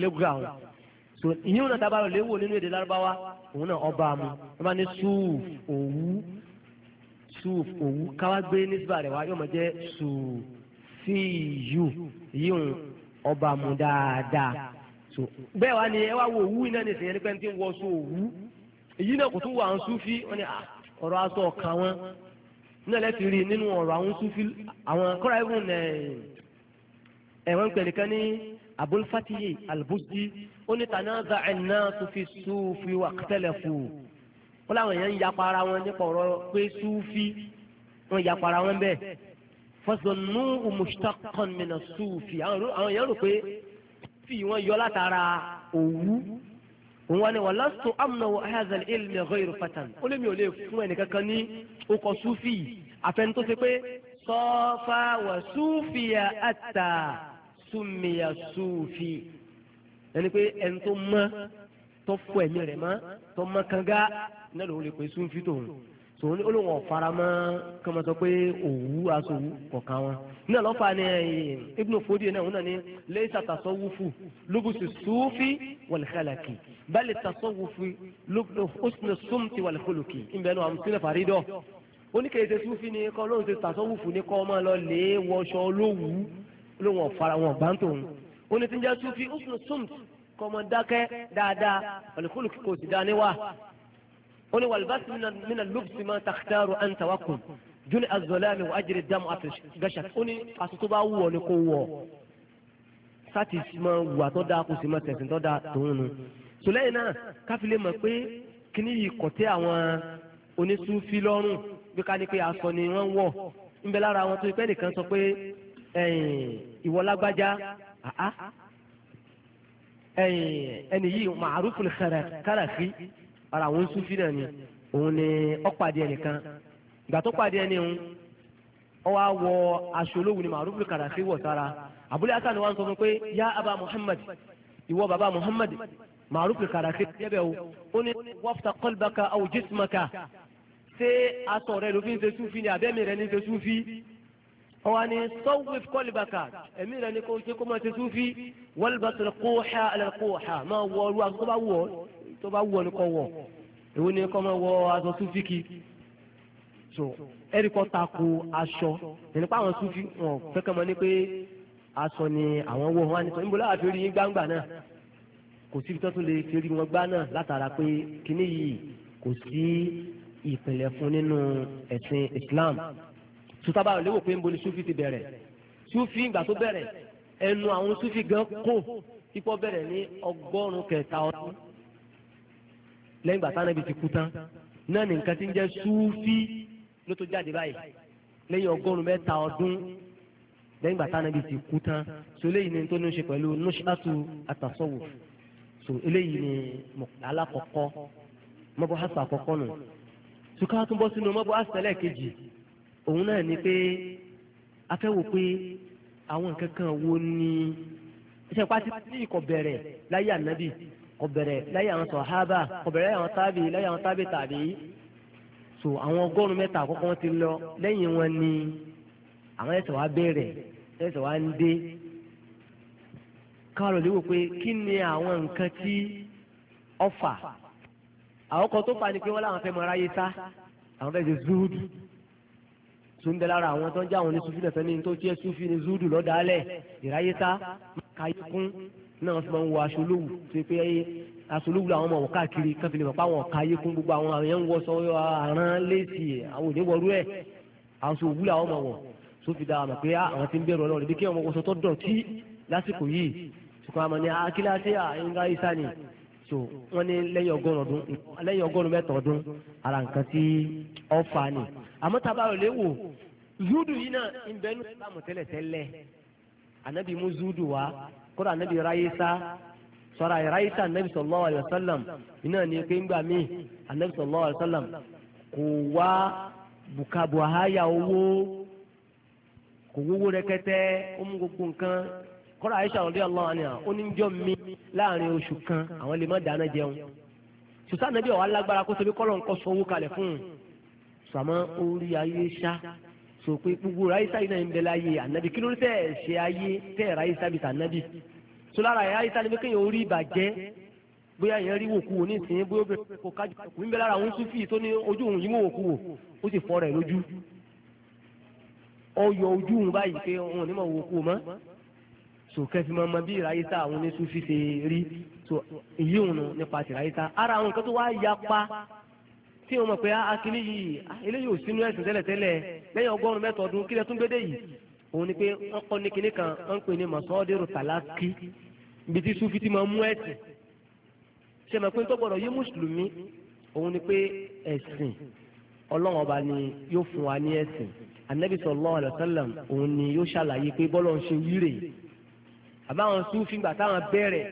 lẹ́gùràn so ìyẹn náà tábàlọ̀ léwò nínú èdè lárúbáwá òun náà ọba mu wọ́n máa suuf òwú káwá gbé nísìbà rẹ̀ wá yóò máa jẹ́ sùfíyù yíyún ọba mu dáadáa so bẹ́ẹ̀ wá ni ẹ wá wo òwú iná ní ìsìnyẹn nípa ẹni tí ń wọ so òwú èyí náà kò tún wọ àwọn sufi wọn ni ah, ọ̀rọ̀ aṣọ ọ̀kan wọn náà lẹ́ẹ̀tì rí nínú ọ̀rọ̀ àwọn sufi àwọn kọ́ra ẹ̀fún ẹ̀ ẹ̀ wọ́n ń ní abulfatiye albuzi ó ní tànáza ẹ̀ náà sufi sufi wà kẹtẹ́lẹ̀ fún un wọ́n láwọn èèyàn ń yapa ara wọn nípa ọ̀rọ̀ pé súfì wọ́n yapa ara wọn bẹ́ẹ̀ fọ́sọ̀nù mushtaqan min súfì àwọn èèyàn rò pé fi wọn yọ látara òwú wọn ni wọn lásìtò amúnà wọn ahazal ilmi ghayru fatan ó lé mi ò lè fún ẹnìkankan ní okọ̀ súfì àfẹn tó ṣe pé sọ́fà wà súfìyà àtà súnmìyà súfì ẹni pé ẹni tó mọ́ tó fọ ẹ̀mí rẹ̀ mọ́ tó mọ́ kanga náà lòun lè pè súnfì tòun tòun ó lóun ọ̀fara mọ́ kí wọ́n sọ pé òwú aṣọ òwú kọ̀ọ̀kan wọn náà lọ́fà ni Ibn Fodi náà náà ni laysa tasawwufu lubusu sufi wal khalaqi bal tasawwufu husnu sumti wal khuluqi ìbẹ̀nu àwọn sílẹ̀ fàrídọ̀ oníkèéjẹ sufi ni kọ́ lóun ṣe tasawwufu ni kọ́ ọmọ lọ lè wọṣọ lówù lóun ọ̀fara wọn gbàǹtòun onítíjà sufi sumti kọ́mọ dákẹ́ dáadáa wal khuluqi kò ó ní wàlúbàṣì nínú lóbìsì máa tàkítàrò à ń tàwákùn júlẹ̀ azọ́láàmì wà á jẹ́rẹ̀ dáàmú àfẹ́gàṣà ó ní aṣọ tó bá wù ọ́ ni kò wọ̀ sáti máa wù àtọ́ dáa kò sì máa tẹ̀sìn tọ́ dáa tòun nu sùlẹ́yìn náà káfílẹ̀ mọ̀ pé kíní yìí kọ̀tẹ́ àwọn onísúfí lọ́rùn bí ká ní pé aṣọ ni wọ́n wọ̀ ńbẹ lára àwọn tó ipẹ́ nìkan sọ pé ìwọ lágbájá ẹni yìí màrúfù kàràkì ara àwọn sufi náà ni òun ni ọ̀pàdé ẹnìkan ìgbà tó pàdé ẹni òun ọ wá wọ aṣọ olówùú ni màrúfù kàràfé wọ̀ sára abúlé hasan wa ń sọ fún pé yá abba muhammad ìwọ baba muhammad màrúfù kàràfé yẹbẹ o ó ní wàfta kọlbaka aw jismaka ṣé aṣọ rẹ ló fi ń ṣe sufi ni abẹ́mi rẹ ní ṣe sufi wọ́n ní sọ́wọ́f kọ́lìbàkà ẹ̀mí rẹ̀ ni kò ṣe kó máa ṣe sufi wọ́lbàtà kóòxà alẹ́ kóòxà máa wọ ọrú àgùkọ́ tó bá wọ ni kò wọ èwo ni kò máa wọ aṣọ súfìkì so ẹ̀rí kọ́ tako aṣọ ẹni pé àwọn súfì wọn fẹ́kẹ́ mọ́ ni pé aṣọ ni àwọn wọ wọn á ní sọ níbo láwàá fi rí yín gbangba náà kò síbi tó tún lè fi rí wọn gbá náà látara pé kíní yìí kò sí ìpìlẹ̀ fún nínú ẹ̀sìn Islam sotaba ò léwò pé ń boli súfì ti bẹ̀rẹ̀ súfì ìgbà tó bẹ̀rẹ̀ ẹnu àwọn súfì gan kó ipò bẹ̀rẹ̀ ní ọgọ́rùn-ún kẹta ọdún lẹ́yìn gbàtà nàbì ti kú tán náà ní nǹkan tí ń jẹ́ súfì ló tó jáde báyìí lẹ́yìn ọgọ́rùn mẹ́ta ọdún lẹ́yìn gbàtà nàbì ti kú tán so eléyìí ni tó ní ṣe pẹ̀lú nushatu atasawuf so eléyìí ni alákọ̀ọ́kọ́ mọ́bù hasa àkọ́kọ́ nù sùkà tún bọ́ sínú mọ́bù hasa lẹ́ẹ̀kejì òun náà ni pé afẹ́wò pé àwọn nǹkan kan wo ni iṣẹ́ pátí tí ìkọ̀ bẹ̀rẹ̀ láyé ànábì kò bẹ̀rẹ̀ láyé àwọn sọ̀hábà kò bẹ̀rẹ̀ láyé àwọn tábì láyé àwọn tábì tàbí so àwọn ọgọ́rùn-ún mẹ́ta àkọ́kọ́ ti lọ lẹ́yìn wọn ni àwọn ẹ̀sẹ̀ wa bẹ̀rẹ̀ ẹ̀sẹ̀ wa ń dé káàrọ̀ lè wò pé kí ni àwọn nǹkan tí ọ̀fà àwọn kan tó fà ni pé wọ́n láwọn fẹ́ mọ aráyé sá àwọn fẹ́ ṣe zúúdù tó ń bẹ lára àwọn tó ń jẹ́ àwọn oníṣúfì náà ní tó jẹ́ súfì ní zúúdù lọ́dàálẹ̀ ìráyé sá káyé kún náà sọ ma ń wọ aṣọ olówù tó pé aṣọ olówù làwọn ọmọ wọ káàkiri káfíńlẹ mọ páwọn ọ̀ka ayé kún gbogbo àwọn àwọn yẹn ń wọ sọ àrán léèsì àwọn òní wọrú ẹ aṣọ òwú làwọn ọmọ wọ tó fi dára mọ̀ pé ah, àwọn ti ń bẹ̀rù Ọlọ́run ibi kí ọmọ wọṣọ tó dọ̀tí lásìkò yìí ṣùgbọ́n àmọ́ ni akíláṣẹ àyínká isa ni so wọn ní lẹ́yìn ọgọ́rùn ọdún lẹ́yìn ọgọ́rùn mẹ́ta ọdún zudu yìí náà ń bẹnu sàmù tẹ́lẹ̀tẹ́lẹ̀ zudu wá kódà nẹ́bí ráyésá sọ̀rọ̀ àìráyésá nẹ́bí sallallahu alaihi wasallam iná ni pé ńgbà míì ànẹ́bí sallallahu alaihi wasallam kò wá bukabu ahaya owó kò wówó rẹkẹtẹ ó mú gbogbo nǹkan kódà Aisha radiyallahu anha ó ní jọ́ mi láàrin oṣù kan àwọn lè má dáná jẹun sùsà nẹ́bí ọ̀wá lágbára kó sọ kọ́lọ̀ ń sọ owó kalẹ̀ fún un sàmọ́ orí ayé ṣá so pé gbogbo raisa yìí náà ń bẹ láyé ànábì kí ló ń tẹ̀ ṣe ayé tẹ̀ raisa bìtà ànábì so lára raisa ni pé kéèyàn orí ìbàjẹ́ bóyá yẹn rí wòkú wò nísìnyí bóyá obìnrin kò kájú kò ń bẹ lára àwọn sufi tó ní ojú òun yìí mú wòkú wò ó sì fọ́ rẹ̀ lójú ọyọ ojú òun báyìí pé òun ò ní mọ̀ wòkú mọ́ so kẹfì máa ma bí raisa àwọn onísufi ṣe rí so èyí òun nípa ti raisa ara àwọn nǹkan tó wá yapa tí wọ́n mọ̀ pé akíní ah, ah, yìí ah, eléyìí ò sínú ẹ̀sìn tẹ́lẹ̀tẹ́lẹ̀ lẹ́yìn ọgọ́rùn-ún mẹ́ta ọdún kílẹ̀ tún gbédè yìí òun ni pé wọ́n kọ́ ní kinní kan wọ́n ń pè ní mọ̀sọ́ọ́dẹ́rù tàlákì ibi tí sufi ti máa mú ẹ̀sìn ṣe mọ̀ pé tó gbọ́dọ̀ yé mùsùlùmí òun ni pé ẹ̀sìn ọlọ́run ọba ni yóò fún wa ní ẹ̀sìn anabi sallallahu alaihi wasallam ni yóò ṣàlàyé pé bọ́lọ̀ ń ṣe yíre àbáwọn sufi gbà táwọn bẹ̀rẹ̀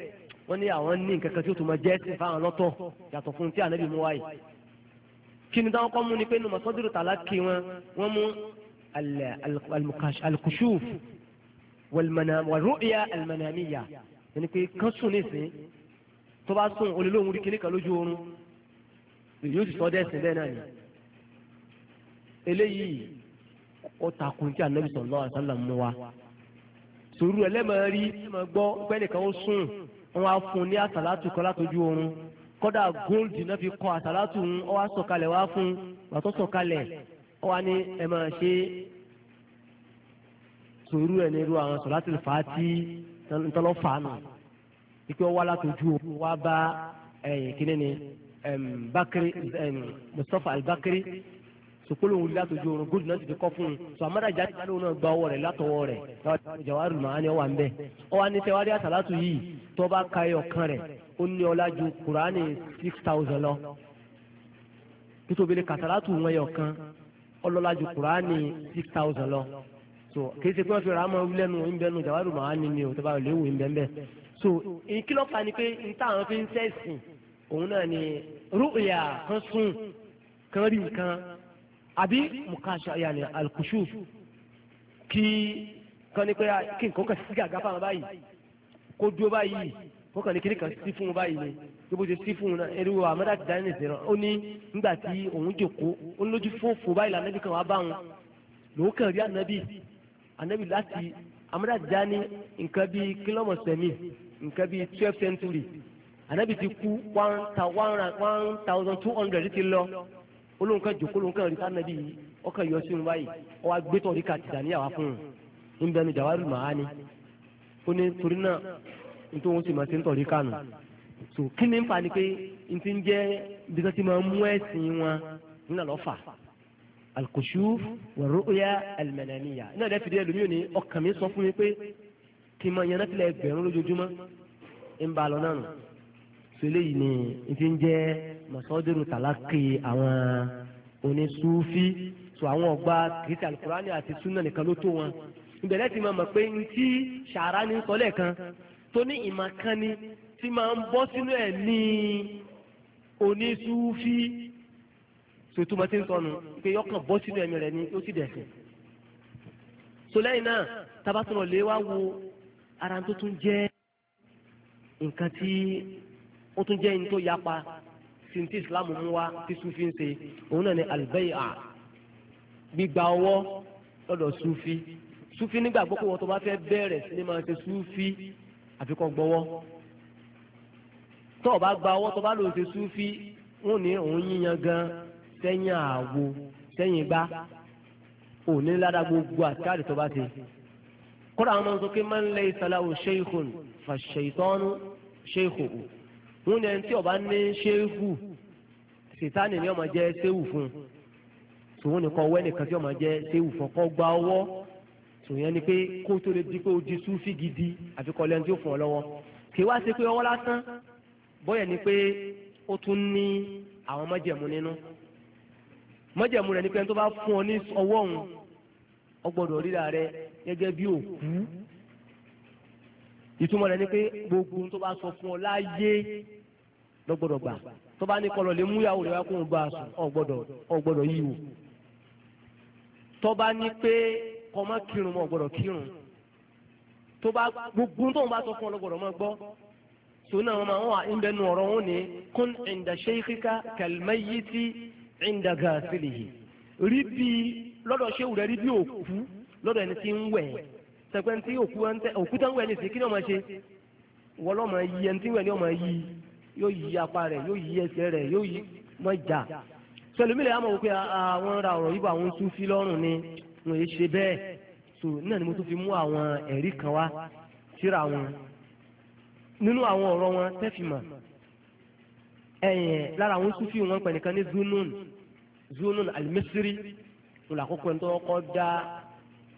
wọ́n ní àwọn ní nǹkan kan tí ó tún máa jẹ́ ẹ̀sìn fáwọn lọ́tọ̀ yàtọ̀ fún tí anabi mú kíni táwọn kọ́ mú ni pé numu sọ́dúró tààlà kí wọn wọ́n mú alikushuf wàlúùyà alimanamiya ẹni pé kán sùn nísìn tó bá sùn olólùwọ̀n rí kíní kan lójú oorun yóò sì sọ dẹ́sìn bẹ́ẹ̀ náà ni eléyìí ó takùn tí anabi sallallahu alaihi wasallam mú wa sòrú ẹlẹ́mọ̀ rí ẹlẹ́mọ̀ gbọ́ pẹ́ẹ́nìkan ó sùn wọn á fún un ní àtàlátù kan látọjú oorun kọ́dà gold náà fi kọ́ àsàlátù ń ọ wá sọ̀kalẹ̀ wá fún bàtọ́ sọ̀kalẹ̀ ọ wá ní ẹ máa ṣe sòrú ẹ̀ nírú àwọn sọ̀látù fàátì ntọ́lọ́ fàánù ikú ọ wá o wá bá ẹ̀yìn kíní ni bakiri mustapha albakiri sokolo wuli látòjú oorun gold náà ti fi kọ́ fún un sọ amádájà ti lóun náà gba ọwọ́ rẹ̀ látọwọ́ rẹ̀ jáwárù màá ọ wà ń bẹ̀ ọ wá ní sẹ́wárí àsàlátù yìí tọ́ bá ka ẹ̀ ọ̀kan rẹ̀ ó ní ọlá ju kùránì six thousand lọ nítorí kàtàlátù wọn yọ kan ọlọ́lá ju kùránì six thousand lọ so kìí ṣe pé wọ́n fi ràá mọ́ wílẹ́nu ìbẹ́nu jàwádù màá ni o tó bá ìbẹ́nbẹ́ so ìkìlọ́pàá ni pé níta àwọn fi ń sẹ́sìn òun náà ni rúùyà kan sùn kan rí nǹkan àbí mùkàṣà yàní àlùkùṣù kí kan ní pé kí nǹkan kan sí gàgà fáwọn báyìí kó dúró báyìí wọ́n kàn ní kiri kan sí fún un báyìí ni bí bó ṣe sí fún un náà ẹ̀rú amadu dání zẹ̀rọ̀ ó ní nígbà tí òun jòkó ó ní lójú fòfò báyìí lànàbí kan wá bá wọn lòun kàn rí ànàbí ànàbí láti amadu dání nǹkan bíi kílọ̀mọ̀ nǹkan bíi twelve century ànàbí ti kú one thousand two hundred ti lọ olóhùn kan jòkó lóhùn kan rí ànàbí yìí ọkàn yọ sí un báyìí ó wá gbé tọ̀ríkà tìdáníyàwó fún un ń bẹnu jàwárù màá ni ó ní torí náà nítorí wọn sì máa ṣe ń tọ̀rí kànú so kí ni ń fa ni pé n ti ń jẹ́ bí wọ́n ti máa mú ẹ̀sìn wọn nínú àlọ́ fà alkushuf wa ru'ya almananiya náà dẹ́ fi dé ẹlòmíì ní ọkàn mi sọ fún mi pé kí n máa yan náfìlà ẹgbẹ̀rún lójoojúmọ́ ń ba lọ náà so eléyìí ni n ti ń jẹ́ masọ́dúró tàlákì àwọn onísúfí so àwọn ọgbà kìrìtì alukurani àti sunna nìkan ló tó wọn ìbẹ̀rẹ̀ ti máa mọ̀ pé ntí sàrà ní sọ lẹ́ẹ̀kan tó ní ìmọ̀kánni tí máa ń bọ́ sínú ẹ̀ ní onísúfí sòtúmọ̀ tí ń sọnù pé yọkàn bọ́ sínú ẹ̀mí rẹ̀ ni ó sì dẹ̀sìn. so lẹ́yìn náà tabatọ̀nà lè wá wo ara tó tún jẹ́ nǹkan tí ó tún jẹ́ ní tó yapa sí ti Islam mú wa tí sufi ń ṣe òun náà ni albẹ́yà gbígba ọwọ́ lọ́dọ̀ sufi sufi nígbàgbọ́ pé wọ́n tó bá fẹ́ bẹ̀rẹ̀ sí ni máa ṣe sufi àfikọ́ gbọ́wọ́ tó o bá gba ọwọ́ tó o bá lò ṣe súfì wọn ní òun yíyan gan sẹ́yìn àwo sẹ́yìn gbá òní ládà gbogbo àtàrí tó bá ṣe kódà àwọn ọmọ sókè máa ń lẹ ìsàlàwò ṣéìkùn fàṣẹìtọ́nù ṣéìkù wọn ní ẹni tí o bá ní ṣéìkù sìtánì ni ọmọ jẹ ṣéwù fún un tòun nìkan ọwọ́ ẹnìkan tí ọmọ jẹ ṣéwù fún ọkọ gba ọwọ́ sòyàn ni pé kó tó lè di pé o di súfì gidi àfi kọ́ lẹ́nu tí ó fún ọ lọ́wọ́ kì í wá ṣe pé ọwọ́ lásán bọ́yẹ̀ ni pé ó tún ní àwọn májẹ̀mú nínú májẹ̀mú rẹ̀ ni pé tó bá fún ọ ní ọwọ́ òun ọ gbọ́dọ̀ ríra rẹ gẹ́gẹ́ bí òkú ìtumọ̀ rẹ̀ ni pé gbogbo tó bá sọ fún ọ láyé lọ gbọ́dọ̀ gbà tó bá ní kọlọ lè mú ìyàwó rẹ wá kó ń bá sùn ọ gbọ́dọ̀ yí wò tó bá ní pé kọ́ má kírun mọ́ gbọ́dọ̀ kírun tó bá gbogbo tó ń bá sọ fún ọ lọ́gbọ̀dọ̀ mọ́ gbọ́ sona wọn ma wọn wà ń bẹnu ọ̀rọ̀ wọn ni kún ẹ̀ǹda ṣẹ́yìkíkà kàlmẹ́yìtì ẹ̀ǹda gàásìlìyì rí bí lọ́dọ̀ ṣéwù rẹ̀ rí bí òkú lọ́dọ̀ ẹni tí ń wẹ̀ sẹ́pẹ́ ní òkú tán wẹ̀ ní sí kí ni ọmọ ṣe wọ́n lọ́mọ yí ẹni tí wẹ̀ ní ọmọ yí yóò yí apá rẹ̀ yóò yí ẹsẹ̀ rẹ̀ yóò yí mọ́ ìjà sọlùmílẹ̀ àmọ̀ wípé àwọn ra ọ̀rọ̀ yìí bá àwọn sún sí lọ́rùn ni wọn yìí ṣe bẹ́ẹ̀ so náà ni mo tún fi mú àwọn ẹ̀rí kan wá síra wọn nínú àwọn ọ̀rọ̀ wọn tẹ́fìmọ̀ ẹ̀yìn lára àwọn sufi wọn pẹ̀ nìkan ní zunun zunun alimisiri wọn làkókò ẹni tó kọ́ da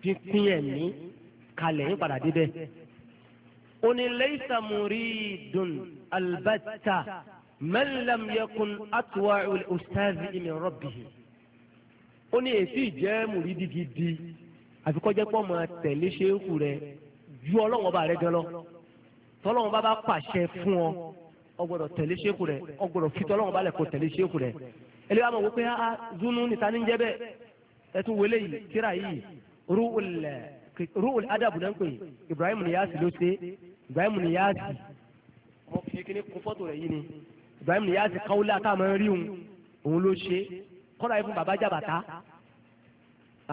pínpín ẹ̀mí kalẹ̀ ń padà débẹ̀ ó ní laysa muridun albatta man lam yakun ó ní èsì ìjẹ́ mùrídìí gidi àfi kọ́jẹ́ pọ́ máa tẹ̀lé ṣéǹkù rẹ ju ọlọ́wọ́n bá rẹ gan lọ tọ́lọ́wọ́n bá bá pàṣẹ fún ọ ọ gbọ́dọ̀ tẹ̀lé ṣéǹkù rẹ ọ gbọ́dọ̀ fi tọ́lọ́wọ́n bá lẹ̀ kó tẹ̀lé ṣéǹkù rẹ ẹlẹ́yà máa wọ pé a zunu níta ní jẹ́ bẹ́ẹ̀ ẹtú wọlé yìí tíra yìí ruul adabu náà ń pè Ibrahim Niyasi ló ṣe Ibrahim Niyasi mo fi kíní kun fọ́tò rẹ̀ yìí ni Ibrahim Niyasi kawulẹ̀ àtàwọn rí kọ́ra ibùn bàbá jàbàtà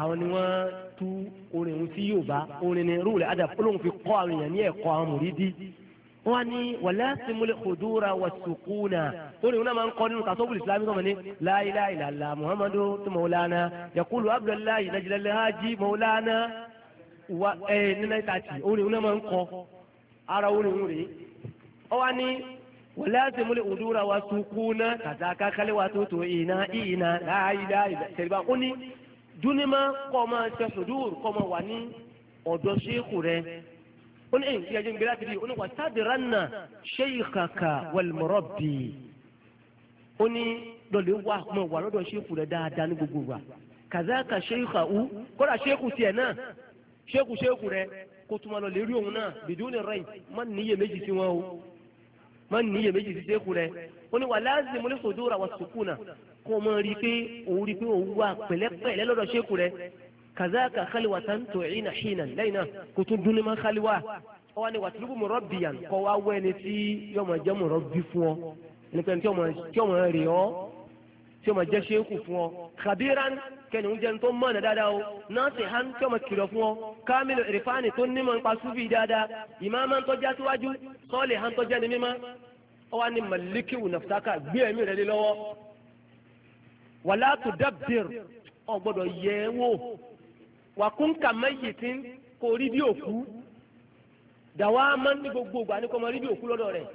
àwọn ni wọ́n tú orin òun sí yorùbá orin ni rúurẹ̀ adà olóhùn fi kọ́ àwọn èèyàn ní ẹ̀kọ́ àwọn mùrídìí wọ́n ní wàlẹ́ simule kòdúra wà sùkúnà orin òun náà máa ń kọ́ nínú kàṣọ́bù ìsìlámù sọ̀rọ̀ ní láìláì làlá muhammadu tó mọ̀ọ́lánà yakulu abdullahi najilẹ̀ hajj mọ̀ọ́lánà wa ẹ̀ nínú ìtàtì orin òun náà máa ń kọ́ ara orin òun rèé ọ wá ní wala azimul udura wa suquna kazaka kale wa tutu ina ina la ida ida tẹlifa ó ní dunima kọma sẹsuduru kọma wà ní ọ̀dọ̀ seku rẹ̀ ó eh, ní ẹyìn kíyàjú gbéra ti di ó ní wa sadiranna sheikhaka wal murabbi ó ní lọlẹ wà mọ wà lọ́dọ̀ seku rẹ̀ dáadáa ní gbogbo wa kazaka sheikhahu kódà seku tiẹ̀ náà seku seku rẹ̀ kó tuma lọlẹ rí òun náà biduni rẹ má níyè méjì sí o má ní iyèméjì sí sẹ́kù rẹ ó ní wà láàzì mo ní sòdó ra wà sùkúnà kó o máa rí i pé òun rí i pé òun wà pẹ̀lẹ́pẹ̀lẹ́ lọ́dọ̀ sẹ́kù rẹ kàzáàkà kálíwà tá ń tò ẹ̀yìn náà ṣìnà lẹ́yìn náà kò tún dún ní má ó wà ní wà tìlúbù mọ̀rọ̀ bìyàn kọ́ wá wẹ́ ni tí yọmọ jẹ́ mọ̀rọ̀ bí fún ọ ẹnikẹ́ni tí ọmọ rè ọ tí ọmọ jẹ́ sẹ́kù fún ọ kàbíràn kẹ́ni ń jẹun tó mọ̀nà dáadáa o nọ́ọ̀sì hàn tí ọmọ kìlọ̀ fún ọ kámílò ìrìfáàní tó nímọ̀ nípa súfì dáadáa ìmáàmá tó já síwájú sọ́ọ̀lì hàn tó jẹ́ni mímọ́ ọ wá ní màlíkì wùnàfùsákà gbé ẹ̀mí rẹ̀ lé lọ́wọ́ wàlátù dábìr ọ gbọ́dọ̀ yẹ̀ wò wàkúńkà mẹ́yìtì kò rí bí òkú dàwa máa ní gbogbo ògbà ní kò máa rí bí òkú lọ́dọ̀ rẹ̀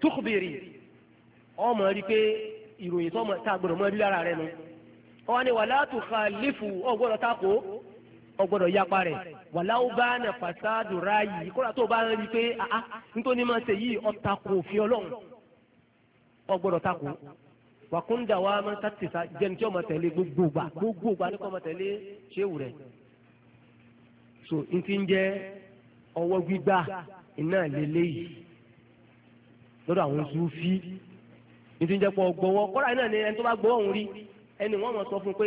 túkùbìrì ọmọ rí pé ìròyìn tó máa tá a gbọ́dọ̀ máa rí lára rẹ̀ nu wọ́n ní wàlá tu khalifu ọ̀gbọ́dọ̀ tako ọ̀gbọ́dọ̀ yapa rẹ̀ wàlá ó bá na fasadu ráàyè kóra tó bá rí i pé àá nítorí máa ṣe yìí ọ̀tako òfin ọlọ́run ọ̀gbọ́dọ̀ tako wàkúndà wa máa tàtìsà jẹni tí ọmọ tẹ̀lé gbogbo gbà gbogbo gbà ní kọ́ ọmọ tẹ̀lé ṣéwù rẹ̀ so n ti ń jẹ́ ọwọ́ gbígbà iná lélẹ́yìí lọ́dọ̀ àwọn Sufi n ti ń jẹ́ pọ̀ gbọ́wọ́ kọ́ra iná ni ẹni tó bá gbọ́wọ́ òun rí ẹni wọ́n mọ̀ sọ fún pé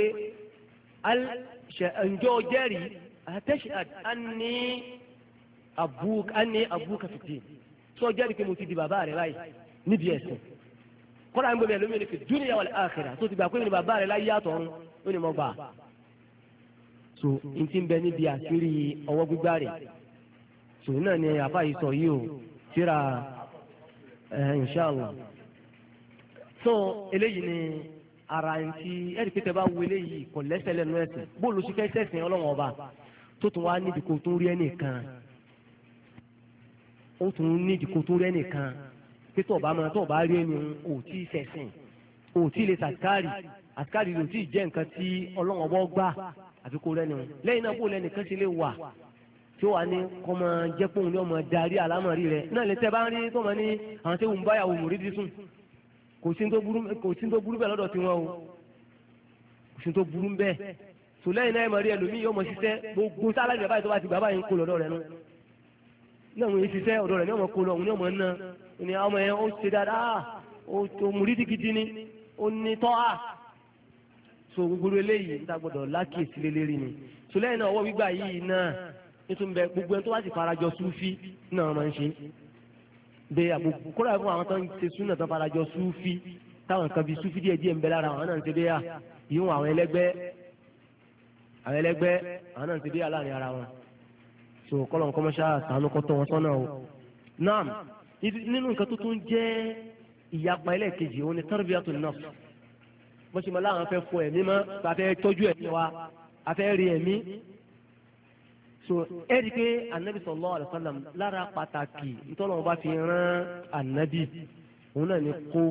ǹjọ́ jẹ́rìí àtẹ́ṣàd àní abúk àní abúkà fìdí sọ jẹ́rìí pé mo ti di bàbá rẹ̀ báyìí níbi ẹ̀sìn kọ́ra ń gbé bẹ́ẹ̀ lómi ní fi dúnìyà wal àkhírà tó ti gbà pé ní bàbá rẹ̀ láyé àtọ̀run ó ní mo gbà so n ti bẹ níbi àṣírí ọwọ́ gbígbá rẹ̀ so náà ni àbá yìí sọ yìí o síra ẹ̀ eh, inshallah so eléyìí ni ara ntí ẹ̀rí pé tẹ bá wọlé yìí kò lẹ́sẹ̀ lẹ́nu ẹ̀sìn bóòlù sí fẹ́ sẹ̀sìn ọlọ́wọ́n ọba tó tún wá nídìí kó tún rí ẹnìkan ó tún nídìí kó tún rí ẹnìkan pé tó ọba máa tó ọba rí ẹni ò tí ì sẹ̀sìn ò tí ì lè sàkárì àkárì ò tí ì jẹ́ nǹkan tí ọlọ́wọ́n ọba gbà àfi kó rẹ́ni wọn lẹ́yìn náà bóòlù ẹnìkan ṣe lè wà tí wàá ní kọ́ máa òun ni ọmọ darí àlámọ̀rí rẹ̀ náà lè tẹ́ bá ń rí tó máa ní àwọn tẹ́wọ̀n kò sí tó burú bẹ́ẹ̀ lọ́dọ̀ tiwọn o kò sí tó burú bẹ́ẹ̀ tò lẹ́yìn náà ẹ̀mọ̀rí ẹlòmíì yóò mọ̀ ṣiṣẹ́ gbogbo sálárì rẹ̀ báyìí tó bá ti gbà báyìí ń kó lọ́dọ̀ rẹ̀ nù náà wọ́n yé ṣiṣẹ́ ọ̀dọ̀ rẹ̀ ní ọmọ kó lọ òun ní ọmọ náà ni ọmọ yẹn ó ṣe dáadáa ah, ó mú rídìgidi ni ó ní tọ́ a ah. so gbogbo eléyìí níta gbọ́dọ̀ lákìsí bẹ àbùkù kóra fún àwọn tó ń ṣe súnà tó farajọ súfì táwọn kan fi súfì díẹ̀ díẹ̀ ń bẹ lára àwọn náà ń ṣe bẹ́yà yíwọn àwọn ẹlẹgbẹ́ àwọn ẹlẹgbẹ́ àwọn náà ń ṣe bẹ́yà láàrin ara wọn so kọlọ̀ nǹkan mọ́ṣá sànú kọ́tọ̀ wọn sọ́nà o naam nínú nǹkan tó tún jẹ́ ìyapa ẹlẹ́ẹ̀kejì òun ni tarbiyatu nafs bó ṣe mọ láwọn fẹ́ fọ ẹ̀mí mọ́ tá a fẹ́ wa a rí ẹ̀mí so ẹ̀rí pé anabi sallallahu alaihi wasallam lára pàtàkì ntọ́nà ọba fi rán anabi òun náà ni kó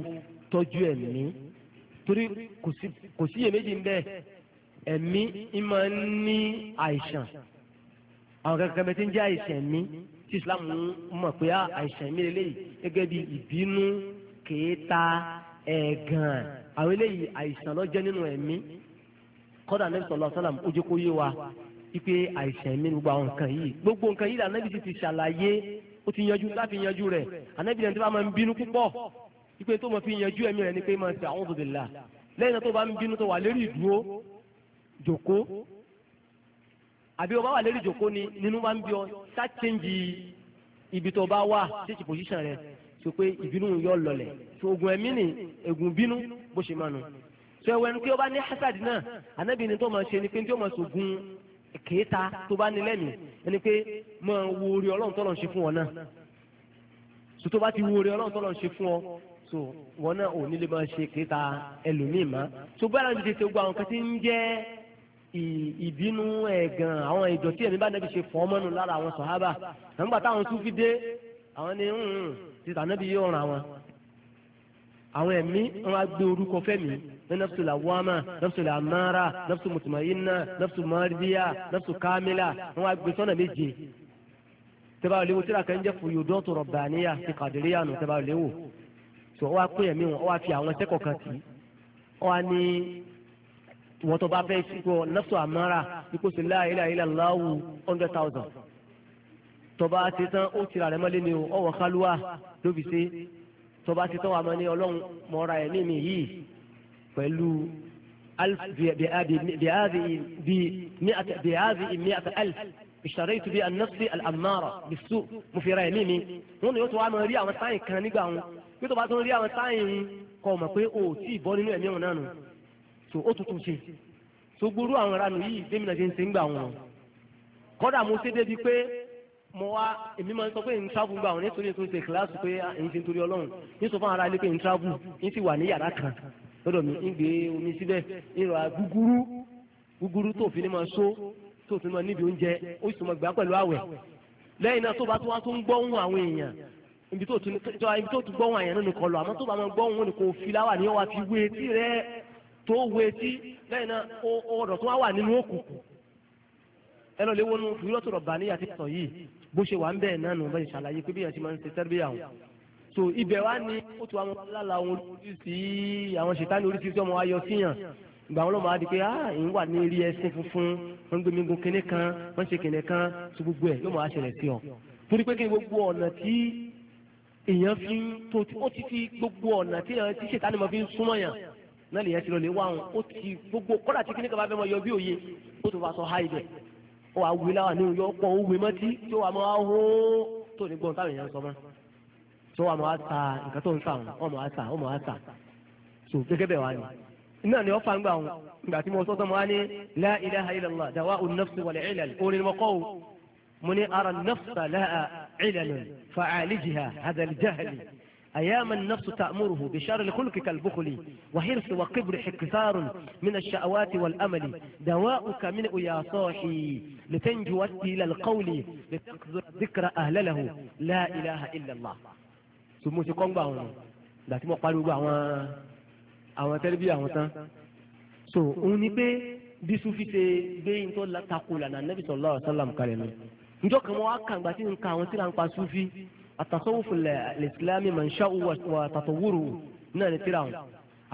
tọ́jú ẹ̀mí torí kò sí iyèméjì ń bẹ́ẹ̀ ẹ̀mí ìmọ̀ ń ní àìsàn àwọn kankan bẹ́ẹ̀ ti ń jẹ́ àìsàn ẹ̀mí tí islam mọ̀ pé ah, àìsàn ẹ̀mí lélẹ́yìí gẹ́gẹ́ bí ìbínú kèéta ẹ̀gàn àwọn eléyìí àìsàn ló nínú ẹ̀mí kọ́dà anabi sallallahu alaihi ojú kó yé wa wípé àìsàn mi gbogbo àwọn nǹkan yìí gbogbo nǹkan yìí lànà ibi ti ṣàlàyé ó ti yanjú láti yanjú rẹ̀ ànábì lẹni tó bá máa ń bínú púpọ̀ wípé tó máa fi yanjú ẹ̀mí rẹ̀ ni pé máa ṣe àwọn òdòdó là lẹ́yìn tó bá ń bínú tó wà lérí ìdúró jòkó àbí o bá wà lérí ìjòkó ni nínú bá ń bí ọ ṣàtẹ́ǹjì ibi tó bá wà ṣèṣì pòṣíṣàn rẹ sọ pé ìbínú yọ lọlẹ̀ tó ogun ẹ̀mí ni ègùn bínú bó ṣe máa nù. sọ ẹ̀wẹ̀ ni bá ní hasad náà anábì ni tó máa ṣe ni pé tí ó máa sògùn kéèta tó bá ní lẹ́nu ẹni pé máa wo orí ọlọ́run tọ́lọ̀ ń ṣe fún ọ náà so tó bá ti wo orí ọlọ́run tọ́lọ̀ ń ṣe fún ọ so wọn náà ò nílé máa ṣe kéèta ẹlòmíì má so báyà ní tètè gba àwọn kan tí ń jẹ́ ìbínú ẹ̀gàn àwọn ìdọ̀tí ẹ̀mí bá nẹ́bi ṣe fọ́ mọ́nu lára àwọn sọ̀hábà nígbà táwọn tún fi dé àwọn ni títà nẹ́bi yóò ràn àwọn àwọn ẹ̀mí wọn á gbé orúkọ fẹ́mi ní nafsu lawama nafsu lamara nafsu mutmainna nafsu maridiya nafsu kamila wọn wá gbé sọ́nà méje tẹ́bà ò léwu tíra kan jẹ́ fuyudọ́tò rọ̀bàníyà ti kàdíríyà nù tẹ́bà ò léwu tó ọ wá pín ẹ̀mí wọn ọ wá fi àwọn ẹsẹ̀ kọ̀ọ̀kan tì í ọ wá ní amara ipò sí la ilaha illallahu hundred thousand tọba ti tán ó tira rẹ̀ mọ́lẹ́ ni o ọwọ́ kálúwà ló fi ṣe tọba ti tán wà mọ́ ní ọlọ́run mọ́ra ẹ̀mí mi yìí pẹ̀lú bíháàdì ìmíàtà alf ìṣàrẹ́yìtù bíi anafsi alamara bisu mo fi ra ẹ̀mí mi wọn ni yóò tó wá máa rí àwọn sáyìn kan nígbà wọn yóò tó bá tó rí àwọn sáyìn kọ mọ̀ pé o ò tí ì bọ́ nínú ẹ̀mí wọn náà nù tó ó tuntun ṣe tó gbóró àwọn ranù yìí bẹ́ẹ̀ náà ṣe ń ṣe ń gbà wọn kọ́dà mo ṣe débi pé mo wá èmi máa ń sọ pé n travel gbà wọn nítorí tó ṣe kíláàsì pé n ṣe nítorí ọlọ́run ní fún ara ilé pé n travel lọ́dọ̀ mi ń gbé omi síbẹ̀ ìrọ̀ àgúgúrú gúgúrú tó fi ní máa só tó fi máa níbi oúnjẹ ó sì máa gbà pẹ̀lú àwẹ̀ lẹ́yìn náà tó bá tó wá tó ń gbọ́ ohun àwọn èèyàn ibi tó tún gbọ́ ohun àyàn nínú kọlọ̀ àmọ́ tó bá máa gbọ́ ohun ni kò fi láwà ní ọwà fi wé etí rẹ tó wé etí lẹ́yìn náà ọ̀dọ̀ tó wá wà nínú òkùnkùn ẹ lọ lé wọnú ìrọ́tò rọ̀bà níyà ti sọ yìí bó ṣe wà ń bẹ́ẹ̀ náà nù bẹ́ẹ̀ ṣàlàyé pé bí yẹn máa ń ṣe tẹ́rbíyà so ibẹ̀ wá ní ó tu àwọn alála àwọn oríṣiríṣi àwọn ṣètánì oríṣiríṣi ọmọ ayọ̀ síyàn ìgbà wọn lọ́mọ adìpé ah ń wà ní rí ẹsìn funfun wọn gbé mi gun kinní kan wọn ṣe kinní kan tó gbogbo ẹ̀ yóò máa ṣẹlẹ̀ sí ọ torí pé kí gbogbo ọ̀nà tí èèyàn fi ń tó ó ti fi gbogbo ọ̀nà tí èèyàn ti ṣètánì mọ́ fi ń súnmọ́ yàn náà lèèyàn ti lọ lè wá wọn ó ti gbogbo kọ́dà tí kinní kan fẹ́ mọ yọ bí òye ó tó fa sọ ha ibẹ̀ ó wàá wí láwọn àníyàn yọ ọ̀pọ̀ òwe mọ́tí tó wàá máa hó tó ní gbọ́n táwọn èèyàn sọ mọ́. 说我们阿萨，你可中上，我们阿萨，我们阿萨，属这个别玩。إن أن يوفى أنباء بعد موسى ثماني لا إله إلا الله دواء النفس والعلل أولي المقو من أرى النفس لها علل فعالجها هذا الجهل أيام النفس تأمره بشر الخلق كالبخل وحرص وقبر حكثار من الشأوات والأمل دواؤك من يا صاحي لتنجو إلى القول لتقذر ذكر أهل له لا إله إلا الله tó mo ṣe kọ́ngbà àwọn nù ìgbà tí mo parí àwọn àwọn tẹ́lifí àwọn tán so òun ni pé bí sufi ṣe gbé yín tó takò lànà nẹ́bí sallallahu alaihi wasallam kalẹ̀ nù njọ́ kan wọ́n á kà ńgbà n ka àwọn tíra ń pa sufi àtàsọ́wọ́fù lẹ́sìlámì man sha'u wà tàtọ̀wúrò náà ní tíra wọn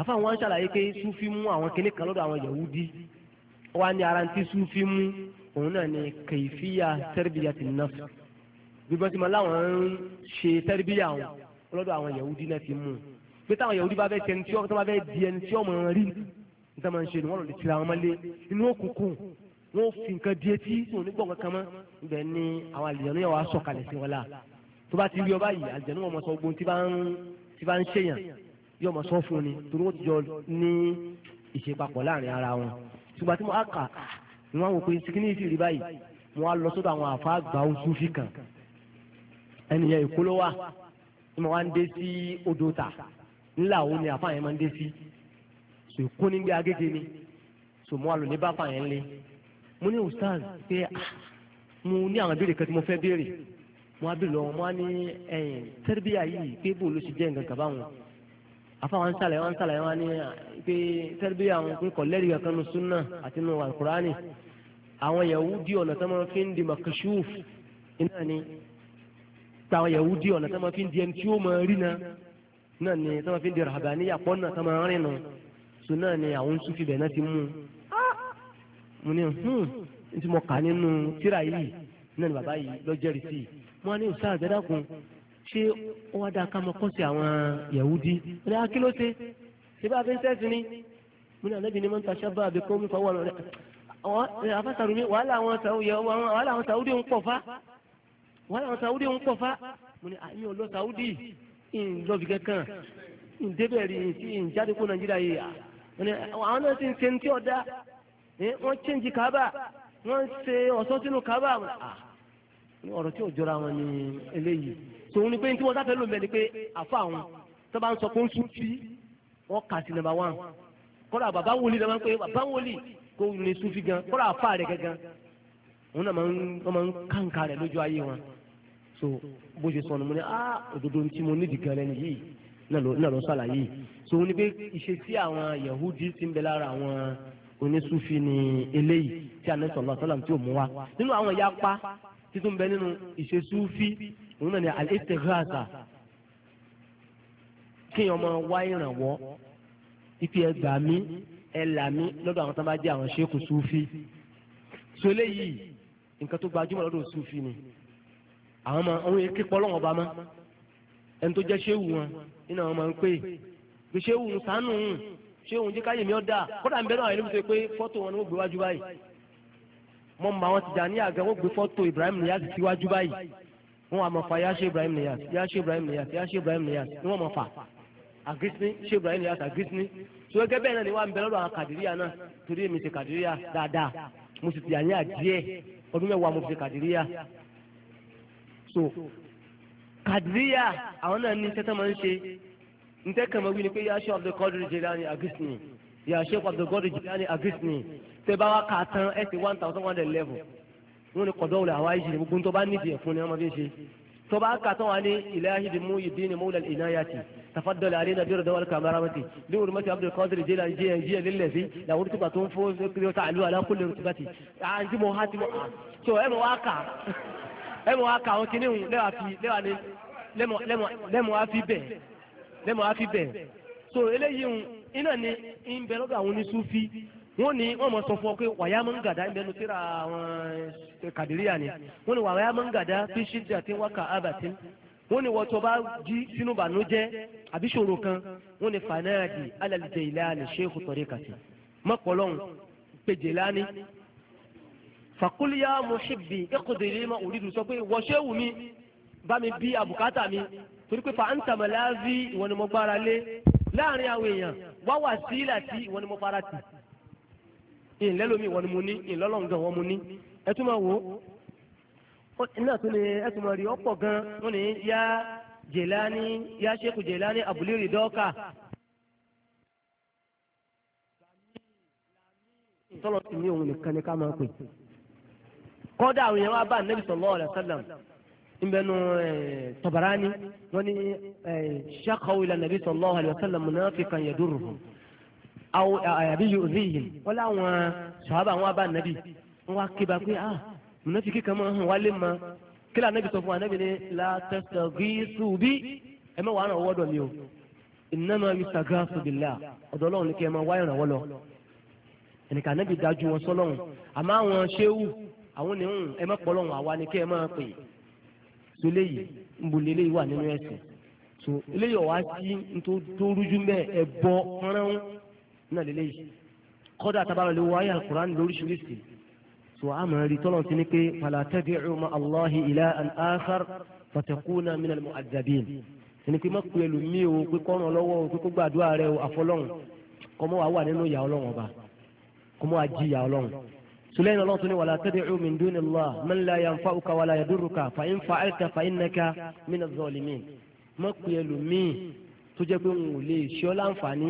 àfa wọn ṣàlàyé pé sufi mú àwọn kìnnì kan lọ́dọ̀ àwọn yahudi wọ́n á ní ara ti sufi mú òun náà ní kayfiya tarbiyati nafs bí wọ́n ti láwọn ń ṣe tẹ́rìbíyà wọn lọ́dọ̀ àwọn yahudi náà ti mú un pé táwọn yahudi bá fẹ́ tẹ ẹni tí wọ́n bá fẹ́ di ẹni tí ọmọ rí ní sábà ń ṣe ni wọ́n lọ lè tira wọn mọ́lé inú òkùnkùn wọ́n fi nǹkan di etí wọn ní gbọ̀ngàn kan mọ́ ibẹ̀ ni àwọn àlìjẹ̀nú yẹn wàá sọ̀kalẹ̀ sí wọn la tó bá ti rí ọba yìí àlìjẹ̀nú wọn mọ̀ sọ gbóhùn tí bá ń ṣèyàn yóò mọ̀ sọ fún ni torí wọ́n ti jọ ní ìṣepapọ̀ láàrin ara wọn ṣùgbọ́n tí mo á kà ni wọ́n wò pé sikini yìí ti rí báyìí mo á lọ sọ́dọ̀ àwọn àfa àgbà oṣù fi kàn ẹnìyẹn ìkólówà tí mo wá ń dé sí odò ta ńlá òun ni àfa yẹn máa ń dé sí so ìkó ní gbé agége ni so mo wà lò ní bàbá yẹn lé mo ní ustaz pé ah, mo ní àwọn ìbéèrè kan tí mo fẹ́ béèrè mo wá béèrè lọ́wọ́ mo wá ní ẹ̀yìn tẹ́rẹ́bíyà yìí pé bò ló ṣe jẹ́ nǹkan kaba wọn afa wọn ṣàlàyé wọn ṣàlàyé wọn ní pé tẹ́rẹ́bíyà wọn pé kọ̀lẹ́rì kankan nu sunna àti nu alukurani àwọn Yahudi ọ̀nà tí wọ́n fi ń di makashuf iná ni táwọn yahudi ọ̀nà tí wọ́n fi ń di ẹni tí ó máa rí náà náà ni tí wọ́n fi ń di rahaba ní yàpọ̀ náà tí wọ́n rìn nù so náà ni àwọn sufi bẹ̀ náà ti mú mo ní hùn hmm, ní tí mo kà nínú tíra yìí náà ni bàbá yìí lọ jẹ́rìí sí i mo ní ìsáà gbẹ́dàkùn ṣé ó wá dáa ká mọ kọ́sí àwọn yahudi ní akílóte ṣé bá a fi ń sẹ́sìn ni mo ní àlẹ́bí ni mo ń ta ṣábà àbíkó mi fọwọ́ rẹ̀ afásàrùmí wàhálà àwọn sàúdí ń pọ̀ fá wọ́n àwọn Saudi ń pọ̀ fa mo ní àyè ọ̀lọ́ Saudi ìlọ́bì kankan ìdébẹ̀ rí sí ìjáde kó Nàìjíríà yìí à wọ́n ní àwọn náà ti ń ṣe ní tí ọ̀dà wọ́n chẹ́ǹjì kábà wọ́n ṣe ọ̀ṣọ́ sínú kábà ọ̀rọ̀ tí ò jọra wọn ni eléyìí tòun ni pé tí wọ́n sáfẹ́ lò mẹ́ni pé àfa àwọn tó bá ń sọ pé ń sùn tí wọ́n kà sí nàmbà wán kọ́ra bàbá wòlí lọ́wọ́ pé bàbá wòlí kò ní sùn fi gan kọ́ra àfa rẹ̀ gangan òun náà máa ń kàǹkà rẹ̀ lójú ayé wọn so bó ṣe sọnù mo ní ah òdodo tí mo nídìí gan lẹ́nu yìí náà ló ṣàlàyé so ní pé ìṣesí àwọn yahudi ti ń bẹ lára àwọn onísúfi ni eléyìí tí Ànábì sallallahu alaihi wasallam tí ò mú wa nínú àwọn yapa títún bẹ nínú ìṣesúfi òun náà ni al-istighatha kéèyàn máa wá ìrànwọ́ ipe ẹgbàá mi ẹlà mi lọ́dọ̀ àwọn tó bá jẹ́ àwọn ṣéèkù súfi so eléyìí nǹkan tó gbajúmọ̀ lọ́dọ̀ súfi ni àwọn ọmọ àwọn èké pọ́ lọ́wọ́ bá mọ́ ẹni tó jẹ́ ṣéwù wọn nínú àwọn ọmọ ń pè pé ṣéwù ń sánú ń ṣéwù ń jẹ́ káyè mi ọ́ kódà ń bẹ náà ẹni tó pé fọ́tò wọn ni wọ́n gbé wájú báyìí mọ́ mọ́ àwọn tìjà ní àga wọ́n gbé fọ́tò Ibrahim Niyas síwájú báyìí wọ́n àmọ́ fa yá ṣe Ibrahim Niyas yá ṣe Ibrahim Niyas yá ṣe Ibrahim Niyas ni wọ́n mọ̀ fà àgísíní ṣe Ibrahim Niyas àgísíní tó gẹ́gẹ́ bẹ́ẹ̀ náà ni wọ́n á ń bẹ lọ́dọ̀ àwọn kàdíríà náà torí èmi ti kàdíríà dáadáa mo sì ti àyàn àdíẹ̀ ọdún mẹ́wàá mo fi kàdíríà so kadiriya àwọn náà ní iṣẹ́ tó máa ń ṣe ntẹ́ kàn máa wí ni pé yáṣọ Abdulkadir Jilani agisni yáṣọ Abdulkadir Jilani agisni tẹ́ bá wá kà á tán ẹ̀ sí one thousand one hundred eleven wọ́n ní kọ̀dọ̀ wọlé àwa yìí gbogbo tó bá nídìí ẹ̀fún ni wọ́n máa fi ṣe tó bá kà tán wà ní ilahi Muhyiddin mawla inayati tafaddal alaina bi ridwan kamaramati bi hurmati Abdul Qadir Jilani jiyan jiyan lillazi la wuri tuba tun fo kiri ta alu ala kulli rutubati a ti mo há ti mo a so ẹ mo wa kà ẹ̀mọ̀ wa ka àwọn kinní hùn lẹ́wà fi lẹ́wà ni lẹ́mọ̀ wa fi bẹ̀ lẹ́mọ̀ wa fi bẹ̀ so eléyìí hùn iná ni ń bẹ lọ́dọ̀ àwọn oníṣúfì wọ́n ní wọ́n mọ̀ sọ fún ọ pé wàyà máa ń gàdá ń bẹnu síra àwọn kàdíríyà ni wọ́n ní wàyà máa ń gàdá fi ṣíjà tí wọ́n kà ábàtí wọ́n ní wọ́n tó bá jí sínú bànújẹ́ àbí ṣòro kan wọ́n ní fanáàdì alàlìjẹ ìlànà ṣéèkù tọ́rí kàtì mọ́kànlọ́hún pé jèlání fàkúlíyà muhibbi ẹkọdẹ ilé ma òrìdù sọ pé wọṣẹ wù mí bá mi bí àbùkátà mi torí pé fàǹtà màláàzí ìwọ ni mo gbára lé láàrin àwọn èèyàn wá wà sí láti ìwọ ni mo fara tì ìlẹ́ lomi ìwọ ni mo ní ìlọ́lọ́ngàn ìwọ mo ní ẹ tún máa wò ó iná tún ni ẹ tún máa rí ọ̀pọ̀ gan wọn ni yá jèlání yá sẹ́kù jèlání àbúlé dọ́ọ̀kà tọ́lọ́ ti ní òun nìkan ni ká máa pè é kọ́dà àwọn èèyàn wá bá nẹ́bí sallallahu alaihi wasallam nbẹnu Tabarani wọn ni shakawu ila nẹ́bí sallallahu alaihi wasallam munafiqan yadurruhum awo àyàbí yu'dhihim wọn làwọn sàhábà wọn bá nẹ́bí wọn wá kéba pé ah munafiki kan máa hàn wálé ma kí lànà ibi sọ fún wa nẹ́bí ni la tastaghisu bi ẹ má wàá ràn wọ́dọ̀ mi o innama yustaghasu billah ọ̀dọ̀ ọlọ́run ni kí ẹ máa wá ìrànwọ́ lọ ẹnìkan nẹ́bí dájú wọn sọlọ́run àmọ́ àwọn ṣéwù àwọn ni ń ẹ má pọ̀ lọ́hùn àwa ni kẹ́ ẹ máa pè so léyìí ń bo léyìí wà nínú ẹ̀sìn so léyìí ọ̀wá sí tó dóorújú mẹ́ ẹ bọ́ rán náà léyìí kọ́dà tábàlọ́ lè wọ ayé alukur'an lóríṣiríṣi so a máa rí tọ́lọ̀ sí ni pé fala tad'u ma Allahi ilahan akhar fatakuna minal mu'azzabin ẹni pé má pè lómi o pé kọ́ràn lọ́wọ́ o pé kó gbàdúrà rẹ سليمان الله تقول ولا تدعوا من دون الله من لا ينفعك ولا يضرك فإن فعلت فإنك من الظالمين ما قيلوا مي تجيكم لي شو لانفاني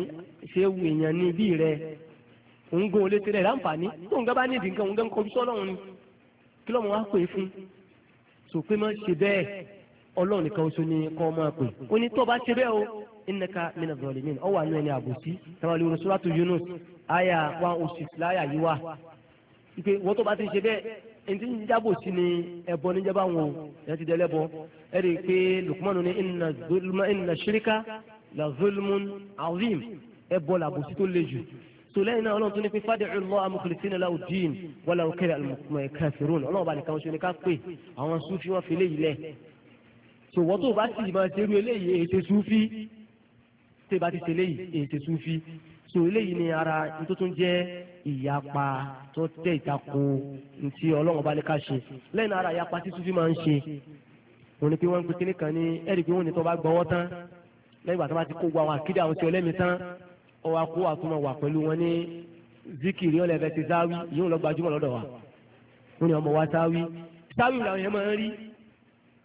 شو وينياني بيري ngun olè tẹlẹ lánfààní tó nǹkan bá nídìí nǹkan nǹkan kọjú sọ́lọ́run ni kí lọ́mọ wa pè é fún so pé má ṣe bẹ́ẹ̀ ọlọ́run nìkan oṣù ni kọ́ máa pè ó ní tó bá ṣe bẹ́ẹ̀ o innaka mina zalimin ọ wà nínú ẹni àbòsí tàbí olùrọ̀ṣọ́lá tó Yunus àyà one oh six láyà yìí wà ipe wọn tó bá ti ṣe bẹ́ẹ̀ ẹni ń jábò sí ni ẹbọ níjàmbá wọn ẹ ti dẹlẹbọ ẹ rí i pé lukumanu ni inna zulma inna shirika la zulmun azim ẹbọ làbòsí tó le jù sọlẹ́yìn náà ọlọ́run tó ní pé fàdíhù Allah mukhlisina lahu ddin wala ukriha al-kafirun ọlọ́run bá nìkan ṣe ká pè àwọn sufi wọn fi léyìí lẹ̀ sọ̀wọ́ tó bá sì máa ṣerú eléyìí èyí tẹ sufi tẹ bá ti ṣe léyìí èyí tẹ sufi sọ eléyìí ni ara tó tún ìyapa tó tẹ ìtako ntí ọlọ́run bá ní ká ṣe lẹ́yìn ara ìyapa tí sufi máa ń ṣe òun ni pé wọ́n ń pe kíní kan ní ẹ̀rí pé wọ́n ní tó bá gbọ́wọ́ tán lẹ́yìn ìgbà tó bá ti kó gbọ́ àwọn àkídé àwọn tí ọlẹ́mi tán ọwọ́ akó àtúmọ̀ wà pẹ̀lú wọn ní zikiri ọlẹ́fẹ́ ti sáwí yóò lọ gbajúmọ̀ lọ́dọ̀ wa wọ́n ní ọmọ wa sáwí sáwí làwọn yẹn máa ń rí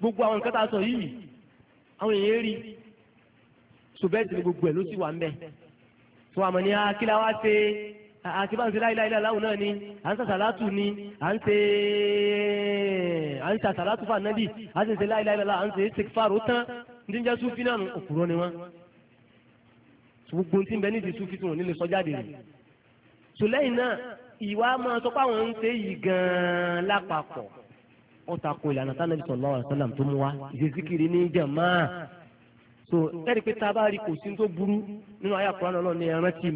gbogbo àwọn nǹkan tá a sọ yìí àwọn èèyàn rí ṣùgbẹ́sì ni gbogbo ẹ̀ ló sì wà ń bẹ̀ tó àmọ́ ní akíláwá ah, ṣe àti báńsẹ̀ láìláìlá láwùn náà ni à ń sàṣàlátù ni à ń ṣe à ń sàṣàlátù fún ànábì à ń ṣe láìláìlá à ń ṣe ṣèkfàrò tán ní jẹ́ súfì náà òkúrọ́ ni wọ́n. gbogbo tí ń bẹ nídìí súfì tí wọn ò ní lè sọ jáde rẹ̀. sùlẹ́yìn náà ìwà máa sọ pé àwọn ń ṣe yìí gan-an lápapọ̀ wọ́n ta ko ìlànà tánàbí sallallahu alaihi wasallam tó mú wa ìṣèṣíkiri ní jàmáà so ẹ̀rí pé tá a bá rí kò sí tó burú nínú àyà Kùránì Ọlọ́run ni ẹ rántí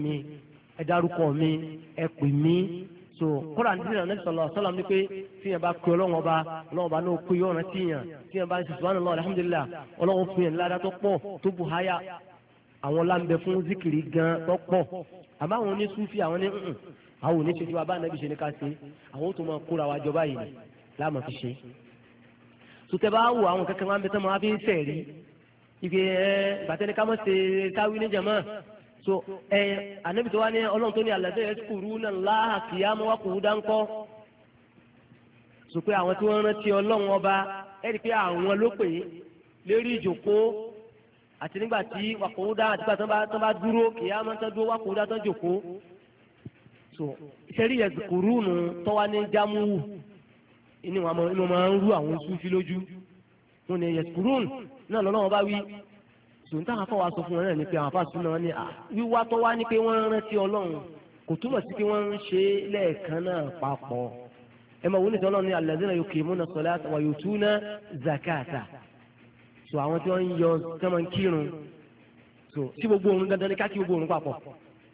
ẹ dárúkọ mi ẹ pè mí so kódà ní ìlànà sọlọ sọlọ ní pé tíyẹn bá pe ọlọ́wọ́n ba ọlọ́wọ́n ba ní okú yóò rán tíyẹn tíyẹn bá ń sọ sùwọ́n lọ́wọ́ alhamdulilah ọlọ́wọ́n fún yẹn ládàá tó pọ̀ tó bu háyà àwọn láǹbẹ̀ fún zikiri gan tó pọ̀ àmọ́ àwọn onísúfì àwọn ní nǹkan àwọn oníṣẹ́jú wa bá nàbí ṣe ní ká ṣe àwọn tó máa kóra wa jọ báyìí láàmú fi ṣe. sùtẹ́ bá wò àwọn kẹ́kẹ́ máa ń bẹ tán máa fi ń sẹ̀rí ibi ẹ̀ bàtẹ́ni ká mọ̀ ṣe káwí ní jàmáà so ẹ anabi tó wá ní ọlọ́run tó ní alẹ́dẹ́ yẹn kúrú náà láhà kìyàmú wá kúrú dáńkọ́ so pé àwọn tí wọ́n rántí ọlọ́run ọba ẹ̀rí pé àwọn ló pè é lérí ìjókòó àti nígbà tí wàkòódà àti nígbà tí wọ́n bá dúró kìyàmú tó dúró wàkòódà tó jókòó so ìṣẹ́rí yẹn kúrú nù tọ́wá ní jámúwù inú wọn máa ń rú àwọn sùfí lójú wọn ni yẹn kúrú náà lọ́lọ́run bá wí sùn táwọn afọ wa sọ fún wọn náà ni pé àwọn afáàsùn náà ní wíwá tó wá ní pé wọ́n rántí ọlọ́run kò túmọ̀ sí pé wọ́n ń ṣe lẹ́ẹ̀kan náà papọ̀ ẹ máa wọ́n ní sọ́lọ́ ní alladhina yuqimuna salata wa yutuna zakata so àwọn tí wọ́n ń yọ tí wọ́n ń kírun so tí gbogbo òun dandan ni ká kí gbogbo òun papọ̀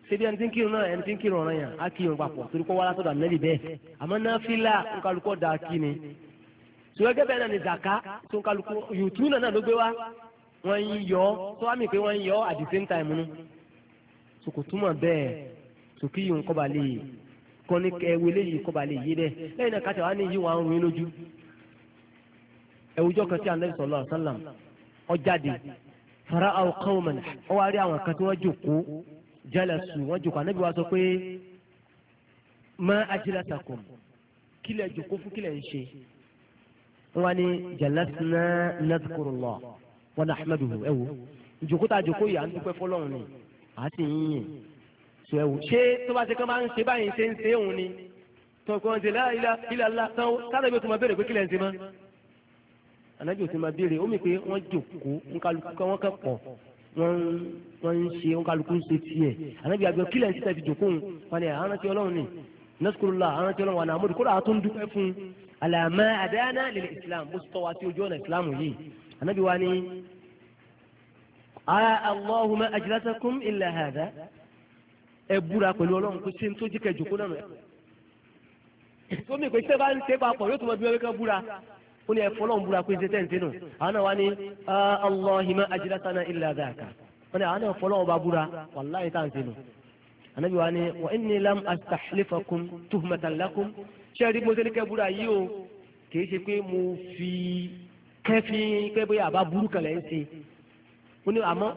ṣebí ẹni tí ń kírun náà ẹni tí ń kírun ọ̀ràn yẹn á kírun papọ̀ torí kó wá látọ̀dọ̀ ànẹ́lì bẹ́ẹ̀ àmọ́ náà ni wọ́n ń yọ tó wá mi pé wọ́n ń yọ at the same time nu sòkò túmọ̀ bẹ́ẹ̀ sòkì yìí ń kọ́ ba lè kọ́ ní ẹwé léyìí kọ́ ba lè yé bẹ́ẹ̀ lẹ́yìn náà kàtà wá ní yìí wà ń rin lójú ẹwùjọ́ kan tí anabi sallallahu alaihi wasallam ọjáde fara àwọn qawman ọ wá rí àwọn kan tí wọ́n jókòó jalasu wọ́n jókòó anabi wa sọ pé ma ajlatakum kílẹ̀ jókòó fún kílẹ̀ ń ṣe wọ́n ní jalasna nadhkurullah wa nahmaduhu ẹ wo ìjòkó tá a jòkó yìí à ń dúpẹ́ fọlọ́run ni à ti yín yìn sọ ẹ wo ṣé tó bá ṣe kán máa ń ṣe báyìí ṣe ń ṣe òun ni tọkọ ń ṣe láìla ìlàlá tán sáré bí o ti máa béèrè pé kílẹ̀ ń ṣe mọ́ anájì ò máa béèrè ó mì pé wọ́n jòkó nkálukú kan wọ́n kàn wọ́n ń ṣe nkálukú ń ṣe tiẹ̀ anájì àgbẹ̀ kílẹ̀ ń ṣe tàbí jòkó òun wọn ọlọ́run ni anabi wa ni ara allahumma ajlatakum illa hadha ẹ búra pẹ̀lú ọlọ́run kó ṣe ń tó jíkẹ́ jòkó náà rẹ̀ sómi pé sẹ́bà ń tẹ́ bá pọ̀ yóò tó mọ bí wọ́n fẹ́ búra ó ní ẹ fọlọ́run búra pé ṣe tẹ́ǹtẹ́ nù àwọn náà wá ní allahumma ajlatana illa dhaka wọ́n ní àwọn náà fọlọ́run bá búra wàláyé táǹtẹ́ nù anabi wa ni wa inni lam astahlifakum tuhmatan lakum ṣé ẹ rí mo ṣe ní kẹ́ búra yìí o kì í ṣe pé mo fi kẹfí kẹfí àbá burú kan lẹ́yìn sí ó ní àmọ́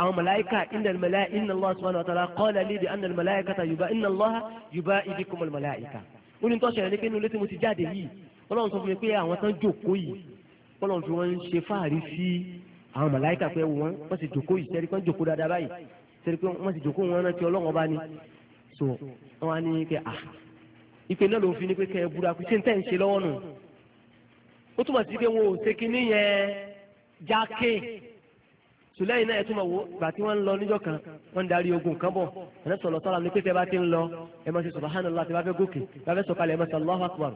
àwọn màláíkà iná màláíkà iná lọ́wọ́ subhanahu wa ta'ala qala li bi anna màláíkà ta yubá iná lọ́wọ́ yubá ibi kọ́ màláíkà ó ní tó ṣẹlẹ̀ ní pé inú létí mo ti jáde yìí ọlọ́run sọ fún mi pé àwọn tán jòkó yìí ọlọ́run fi wọ́n ń ṣe fáàrí sí àwọn màláíkà pé wọ́n wọ́n sì jòkó yìí sẹ́rí pé wọ́n jòkó dáadáa báyìí sẹ́rí pé wọ́n sì jòkó ó túmọ̀ sí pé wọn ò ṣe kínní yẹn jákè sùlẹ́yìn náà ẹ túmọ̀ wo gbà tí wọ́n ń lọ níjọ́ kan wọ́n ń darí ogun kan bọ̀ ẹ̀rọ sọ̀rọ̀ sọ́la ní pété bá ti ń lọ ẹ máa ṣe subhanallah tí wọ́n fẹ́ gòkè wọ́n fẹ́ sọ̀kalẹ̀ ẹ máa ṣe Allahu akbar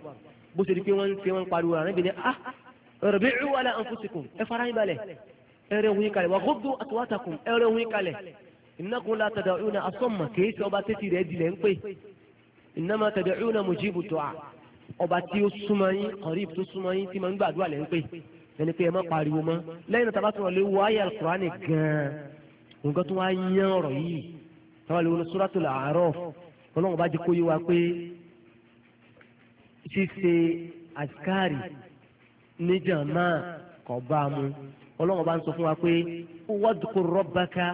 bó ṣe di pé wọ́n ń ṣe wọ́n ń pariwo rẹ̀ níbi ni ah rabi'u ala anfusikum ẹ fara yín balẹ̀ ẹ rẹ̀ yín kalẹ̀ wa ghuddu aswatakum ẹ rẹ̀ yín kalẹ̀ innakum la tad'una asamma kì í ṣe ọba tẹ́tì rẹ̀ dilẹ̀ ń pè innama tad'una mujibu du'a ọba tí ó súnmọ́ yín kọ̀rí tó súnmọ́ yín tí mo ń gbàdúrà lẹ́ ń pè ẹni pé ẹ má pariwo mọ́ lẹ́yìn náà tabatuma lè wọ ayé alukurani gan-an nǹkan tó wá yán ọ̀rọ̀ yìí táwọn lè wọnú suratul A'raf ọlọ́run bá jẹ́ kó yé wa pé ṣíṣe àṣikárì níjàmbá kọ̀ bá a ọlọ́run bá ń sọ fún wa pé wadkur rabbaka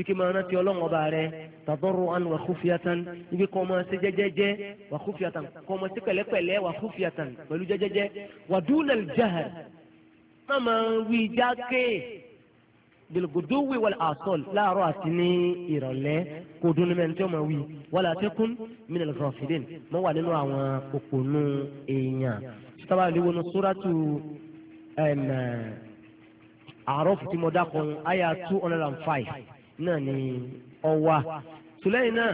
ike máa rántí ọlọ́run ọba rẹ tadarruan wa khufyatan ibi kọ́ máa ṣe jẹ́jẹ́jẹ́ wa khufyatan kọ́ máa ṣe pẹ̀lẹ́pẹ̀lẹ́ wa khufyatan pẹ̀lú jẹ́jẹ́jẹ́ wa dunal jahr má máa wí jákè bilguduwi wal asol láàárọ̀ àti ní ìrọ̀lẹ́ kò dunu mẹ́rin tí ó máa wí wala takun minal ghafilin mọ́ wà nínú àwọn òpònú èèyàn sábà lè wọnú suratu àárọ̀ fìtí mọ́dá kan àyà two hundred and five náà ni ọwa tùlẹ́yìn náà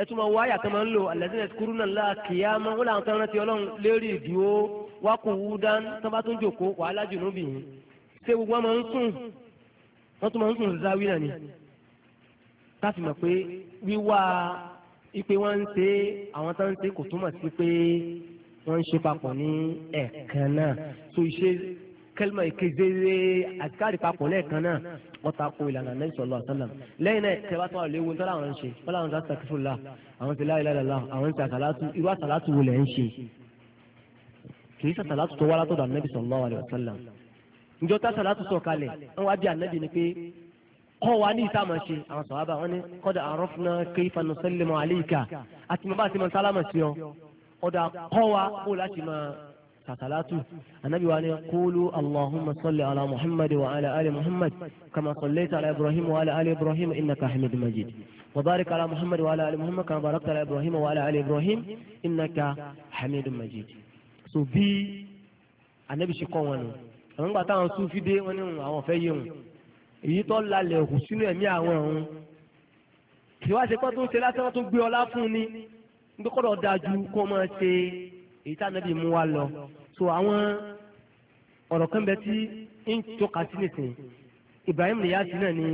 ẹ tún máa wá àyà kan máa ń lò alẹ́sìn ẹ̀kúrú náà la kìyàmá wọ́n làwọn kan rántí ọlọ́run lérí ìdíwó wá kó wú dán tán bá tún jòkó wàhálà jù níbì yìí ṣé gbogbo wọn máa ń sùn wọn tún máa ń sùn záwí náà ni káfí mọ̀ pé wíwá ipe wọn ń ṣe àwọn tó ń ṣe kò túmọ̀ sí pé wọ́n ń ṣe papọ̀ ní ẹ̀ẹ̀kan náà tó ṣe kẹlima ìkézéwé àtikárì papọ̀ lẹ́ẹ̀kan náà wọ́n ta ko ìlànà Ànábì sallallahu alaihi wasallam lẹ́yìn náà tẹ́ bá tọ́ àwọn léwu tọ́lá àwọn ń ṣe wọ́n láwọn ń ta sàkífùlà àwọn ti láyé lálẹ́ láwọn àwọn ń ta àtàlátù irú àtàlátù wo lẹ̀ ń ṣe kì í sàtàlátù tó wá látọ̀dọ̀ Ànábì sallallahu alaihi wasallam njọ tá sàlátù sọ kalẹ̀ wọn wá bí ànábì ni pé kọ́ wa ní ìta màá sàkàlátù anábì wa ni kúlú allahumma salli ala muhammad wa ala ali muhammad kama sallaita ala ibrahim wa ala ali ibrahim innaka hamid majid wa barik ala muhammad wa ala ali muhammad kama barakta ala ibrahim wa ala ali ibrahim innaka hamid majid. so bí anábì ṣe kọ́ wọn nù àwọn gbà táwọn sún fídé wọn ní àwọn fẹ́ yé wọn èyí tó lalẹ̀ òkú sínú ẹ̀mí àwọn ọ̀hún ìwádìí kan tó ń ṣe lásán tó gbé ọlá fún ni nígbà kọ́ èyí tá ànábì mú wa lọ so àwọn ọ̀rọ̀ kan bẹ tí ń tọ́ka sí nìsín Ibrahim Niyasi náà ni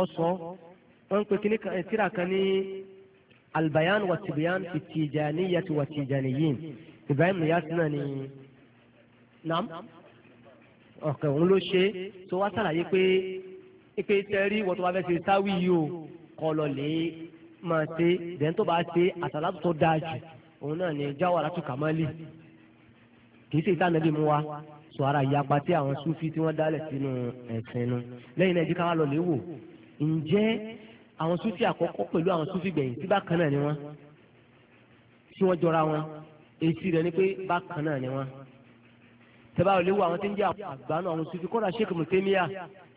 ọ sọ wọn ń pe kíní tíra kan ní albayan wa tibiyan fi tijaniyati wa tijaniyin Ibrahim Niyasi náà ni nam ọ̀kẹ́ òun ló ṣe tó wá sàlàyé pé ipe tẹ́rí wọ́n tó bá fẹ́ ṣe sáwì o kọ́ lè máa ṣe dẹ́n bá ṣe àtàlà tó dáa jù òun náà ni jawaratu kamali kìí ṣe ìtànàbí mu wa sọ ara ìyapa tí àwọn sufi tí wọ́n dálẹ̀ sínú ẹ̀sìn nu lẹ́yìn náà jíkà wà lọ léwò ǹjẹ́ àwọn sufi àkọ́kọ́ pẹ̀lú àwọn sufi gbẹ̀yìn tí bákan náà ni wọ́n tí wọ́n jọra wọn èsì rẹ̀ ni pé bákan náà ni wọ́n tẹ́bá ò lè wo àwọn tí ń jẹ́ àgbánu àwọn sufi kọ́ra sheikh mutemiya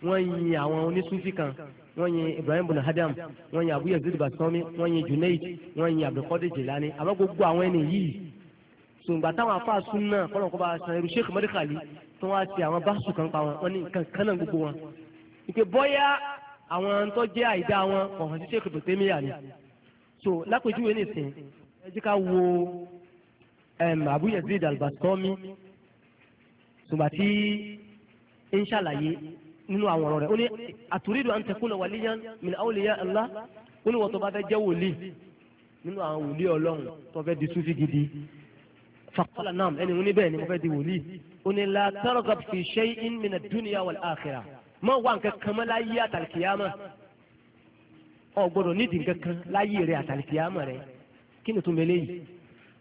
wọ́n yin àwọn onísufi kan wọ́n yin ibrahim bin adam wọ́n yin abu yazid basomi wọ́n yin junaid wọ́n yin abdulkadir jilani àmọ́ gbogbo àwọn ẹni yìí sòǹgbà táwọn afa sunna kọ́nà kọ́ba san irú sheikh mẹ́ríkàlì tó wá ti àwọn báṣu kan pa wọn wọ́n ní nǹkan náà gbogbo wọn. ìpè bọ́yá àwọn tó jẹ́ àìdá wọn kò hàn sí sheikh mutemiya ni. so lápèjúwe nìsín ẹ jẹ́ ká wo abu yazid albasomi tùgbà tí ń ṣàlàyé nínú àwọn ọ̀rọ̀ rẹ̀ ó ní àtúrídù à ń tẹkùnà wàlíyàn min awliya Allah ó ní wọ́n tó bá fẹ́ jẹ́ wòlíì nínú àwọn wòlíì ọlọ́run tó fẹ́ di súfì gidi faqala naam ẹni wọn níbẹ̀ ni mo fẹ́ di wòlíì ó ní la targhab fi shay'in min ad-dunya wal-akhirah mọ wà nǹkan kan mọ́ láyé àtàlìkìyàmọ́ ọ gbọ́dọ̀ nídìí nǹkan kan láyé rẹ̀ àtàlìkìyàmọ́ rẹ̀ kí ni tó mẹlẹ́ yìí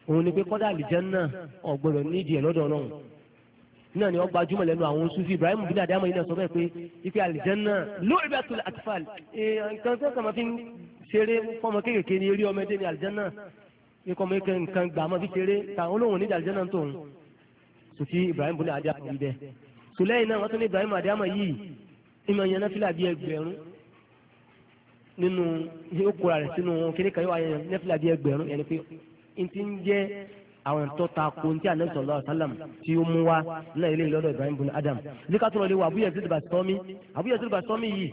òun ni pé kọ́dà àlìjẹ́ náà ọ gbọ́dọ̀ nídìí ẹ̀ lọ́dọ̀ ọlọ́run náà ni wọ́n gbajúmọ̀ lẹ́nu àwọn sufi ibrahim bin adamu yìí náà sọ bẹ́ẹ̀ pé ife àlìjẹ́nà lóòrìbẹ́tò àtìfàl nǹkan tó kàn máa fi ń ṣeré fọmọ kéékèèké ni eré ọmọdé ni àlìjẹ́nà ikọ̀ mọ́ ike nǹkan gbà máa fi ṣeré táwọn olóhùn ní àlìjẹ́nà tó ń sufi ibrahim bin adamu yìí bẹ́ẹ̀ sùlẹ́yìn náà wọ́n tún ní ibrahim adamu yìí ìmọ̀ yẹn náfìlà bíi ẹgbẹ̀rún nínú ó kóra rẹ̀ sínú kíníkà yóò ni pé n ti ń jẹ́ àwọn tó ta ko ní tí a nẹ́sọ̀ lọ́wọ́ sálàm tí ó mú wa náà ilé ìlọ́dọ̀ ibrahim bin adam zika tó lọ lé wa abu yazid bastami abu yazid bastami yìí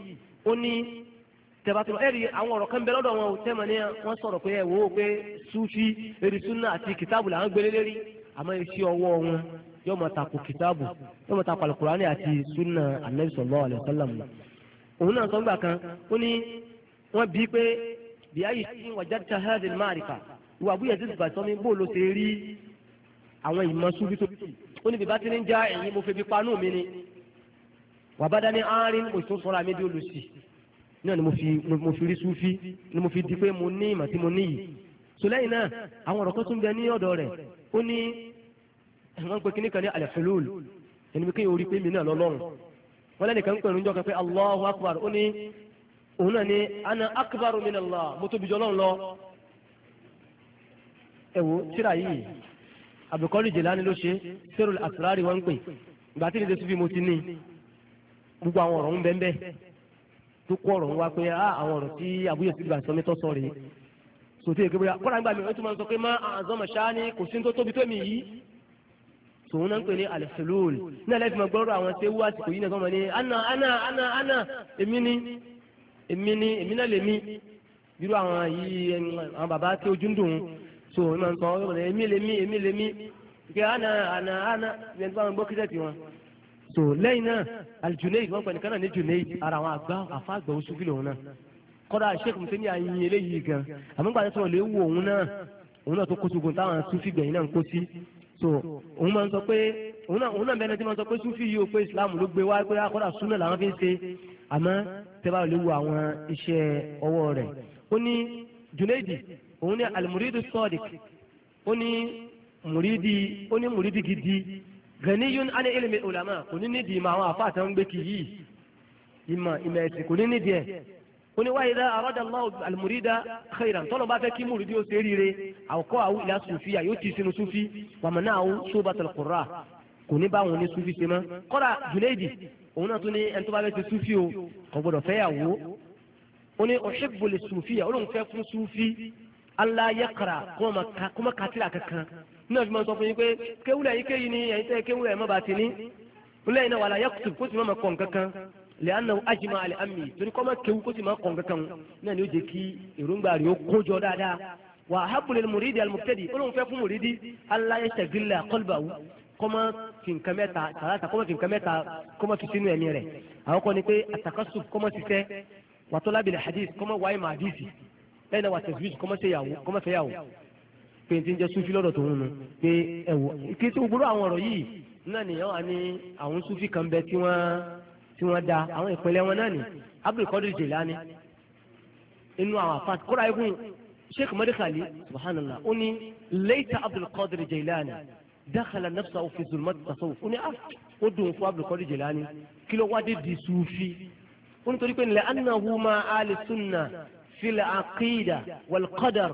ó ní tẹ̀bátọ̀ ẹ̀rí àwọn ọ̀rọ̀ kan bẹ lọ́dọ̀ wọn ò tẹ́mọ̀ ní wọ́n sọ̀rọ̀ pé ẹ̀ wò ó pé sufi eri sunna àti kitabu là ń gbélé lérí àmọ́ iṣẹ́ ọwọ́ wọn yóò mọ̀ ta ko kitabu yóò mọ̀ ta ko alukurani àti suna anabi sallallahu alaihi wasallam òun náà sọ ń gbà kan ó ní ìwà àbúyẹ tí ìgbà sọmi bó ló ṣe rí àwọn ìmọ̀ súbí tó bìtì ó ní bìbá tí ń já ẹ̀yìn mo febi panú mi ni wà bá dání àárín òṣìṣẹ́ sọ́ra mi di olùsì náà ni mo fi rí súfí ni mo fi di pé mo ní ìmọ̀ tí mo ní yìí sùlẹ́yìn náà àwọn ọ̀rọ̀ kan tún bẹ ní ọ̀dọ̀ rẹ̀ ó ní wọ́n pe kíní kan ní alẹ́fẹ́lóòl ẹni pé orí pé mi náà lọ́lọ́run wọ́n lẹ́nìkan ń pè ní jọ́kan pé Allahu akbar ó ní òun náà ní ana akbar min Allah mo tóbi jọ lọ́run lọ ẹ̀wò tíra yìí Abdulkadir Jelani ló ṣe Sirul Asrari wọn ń pè ìgbà tí nìyẹn sufi mo ti ní gbogbo àwọn ọ̀rọ̀ ń bẹ́ẹ̀ bẹ́ẹ̀ tó kọ́ ọ̀rọ̀ ń wá pé ah, àwọn ọ̀rọ̀ tí àbúyọ̀ sí gbà sọ mi tọ́ sọ rèé sòtí èké bóyá kọ́ra nígbà mi ó tún máa ń sọ pé má àzọ́mọ̀ ṣáá kò sí tó tóbi tó mi yìí tòun náà ń pè ní alẹ́fẹ̀lóòlù ní alẹ́ fi máa gbọ́rọ̀ àwọn tí ewu àsìkò yìí nìkan mọ̀ ní ana ana ana ana èmi ni èmi ni èmi náà lèmi irú àwọn yìí àwọn bàbá tí ojú ń dùn so ìmọ̀ nǹkan ọ̀rọ̀ rẹ̀ èmi lèmi èmi lèmi kí àná àná àná ní ẹgbẹ́ àwọn gbókítẹ̀ tí wọn. so lẹ́yìn náà aljunaid wọn pẹ̀lú kánà ní junaid ara àwọn àgbà àfa àgbà oṣù fílẹ̀ òun náà kọ́dà sheikh museni ayin eléyìí gan àmúgbà tó lè wo òun náà òun náà tó kó sugun táwọn sufi gbẹ̀yìn náà ń kó sí so òun máa ń sọ pé òun náà òun náà bẹ́ẹ̀ ni tí wọ́n sọ pé sufi yìí ó pé islam ló gbé wá pé akọ́dà ah, súnà làwọn fi ń ṣe àmọ́ tẹ́ bá lè wo àwọn iṣẹ́ ọwọ́ rẹ̀ ó ní junaidi òun ní alimuridu sadiq ó ní muridi ó ní muridi gidi ganiyun ani ilmi ulama kò ní nídìí ìmọ̀ àwọn àfa àtàwọn gbé kì yìí ìmọ̀ ìmọ̀ ẹ̀sìn kò ní nídìí ẹ̀ ó ní wáyé dá arọ́dà lọ́wọ́ alimurida khairan tọ́lọ̀ bá fẹ́ kí muridi ó ṣe ríire àwòkọ́ àwọn ìlà sufi yóò ti sinú sufi wàmúnà àwọn sóbàtàl qurra kò ní báwọn ní sufi ṣe mọ́ junaidi òun náà tún ní ẹni bá fẹ́ ti sufi o kò gbọ́dọ̀ fẹ́yàwó ó ní uhibbu lis sufi yà ó lóun fẹ́ fún sufi Allah yaqra kó má katira kankan náà fi máa sọ fún yín pé kéwúlẹ̀ yín kéyìí ni ẹ̀yin tẹ́ kéwúlẹ̀ má bàa ti ní wúlẹ̀ yín náà wala yaktub kó sì má ma kọ̀ nkankan li'annahu ajma al-ammi torí kọ́ ma kéwú kó sì má kọ̀ nkankan náà ni ó jẹ́ kí èròǹgbà rẹ̀ ó kójọ dáadáa wà á hábùlẹ̀ mùrídìí al-mubtadi olóhùn fẹ́ fún mùrídìí Allah yashtagilla qalbahu kọ́mọ fìǹkan mẹ́ta tàlátà kọ́mọ fìǹkan mẹ́ta kọ́mọ fi sínú ẹ̀mí rẹ̀ àwọn kọ́ni pé àtàkọ́sù kọ́mọ ti fẹ́ wàtọ́lábìlẹ̀ hadith kọ́mọ wáyé màdìsì lẹ́yìn náà wà tẹ̀síwìsì kọ́mọ́fẹ́ yàwó pé n ti ń jẹ́ sufi lọ́dọ̀ tòun nu pé ẹ wò kí tí gbogbo àwọn ọ̀rọ̀ yìí náà nìyẹn wà ní àwọn sufi kan bẹ tí wọ́n tí wọ́n da àwọn ìpínlẹ̀ wọn náà ni Abdulkadir Jelani inú àwọn afa kóra ikun Sheikh Madi subhanallah ó ní leita Abdulkadir Jelani dakhala nafsahu fi zulmat tasawuf ó ní a ah, ó dùn fún Abdulkadir Jelani kí ló wá dé di sufi ó ní torí pé nílẹ̀ annahu ma ali sunna fil aqida wal qadar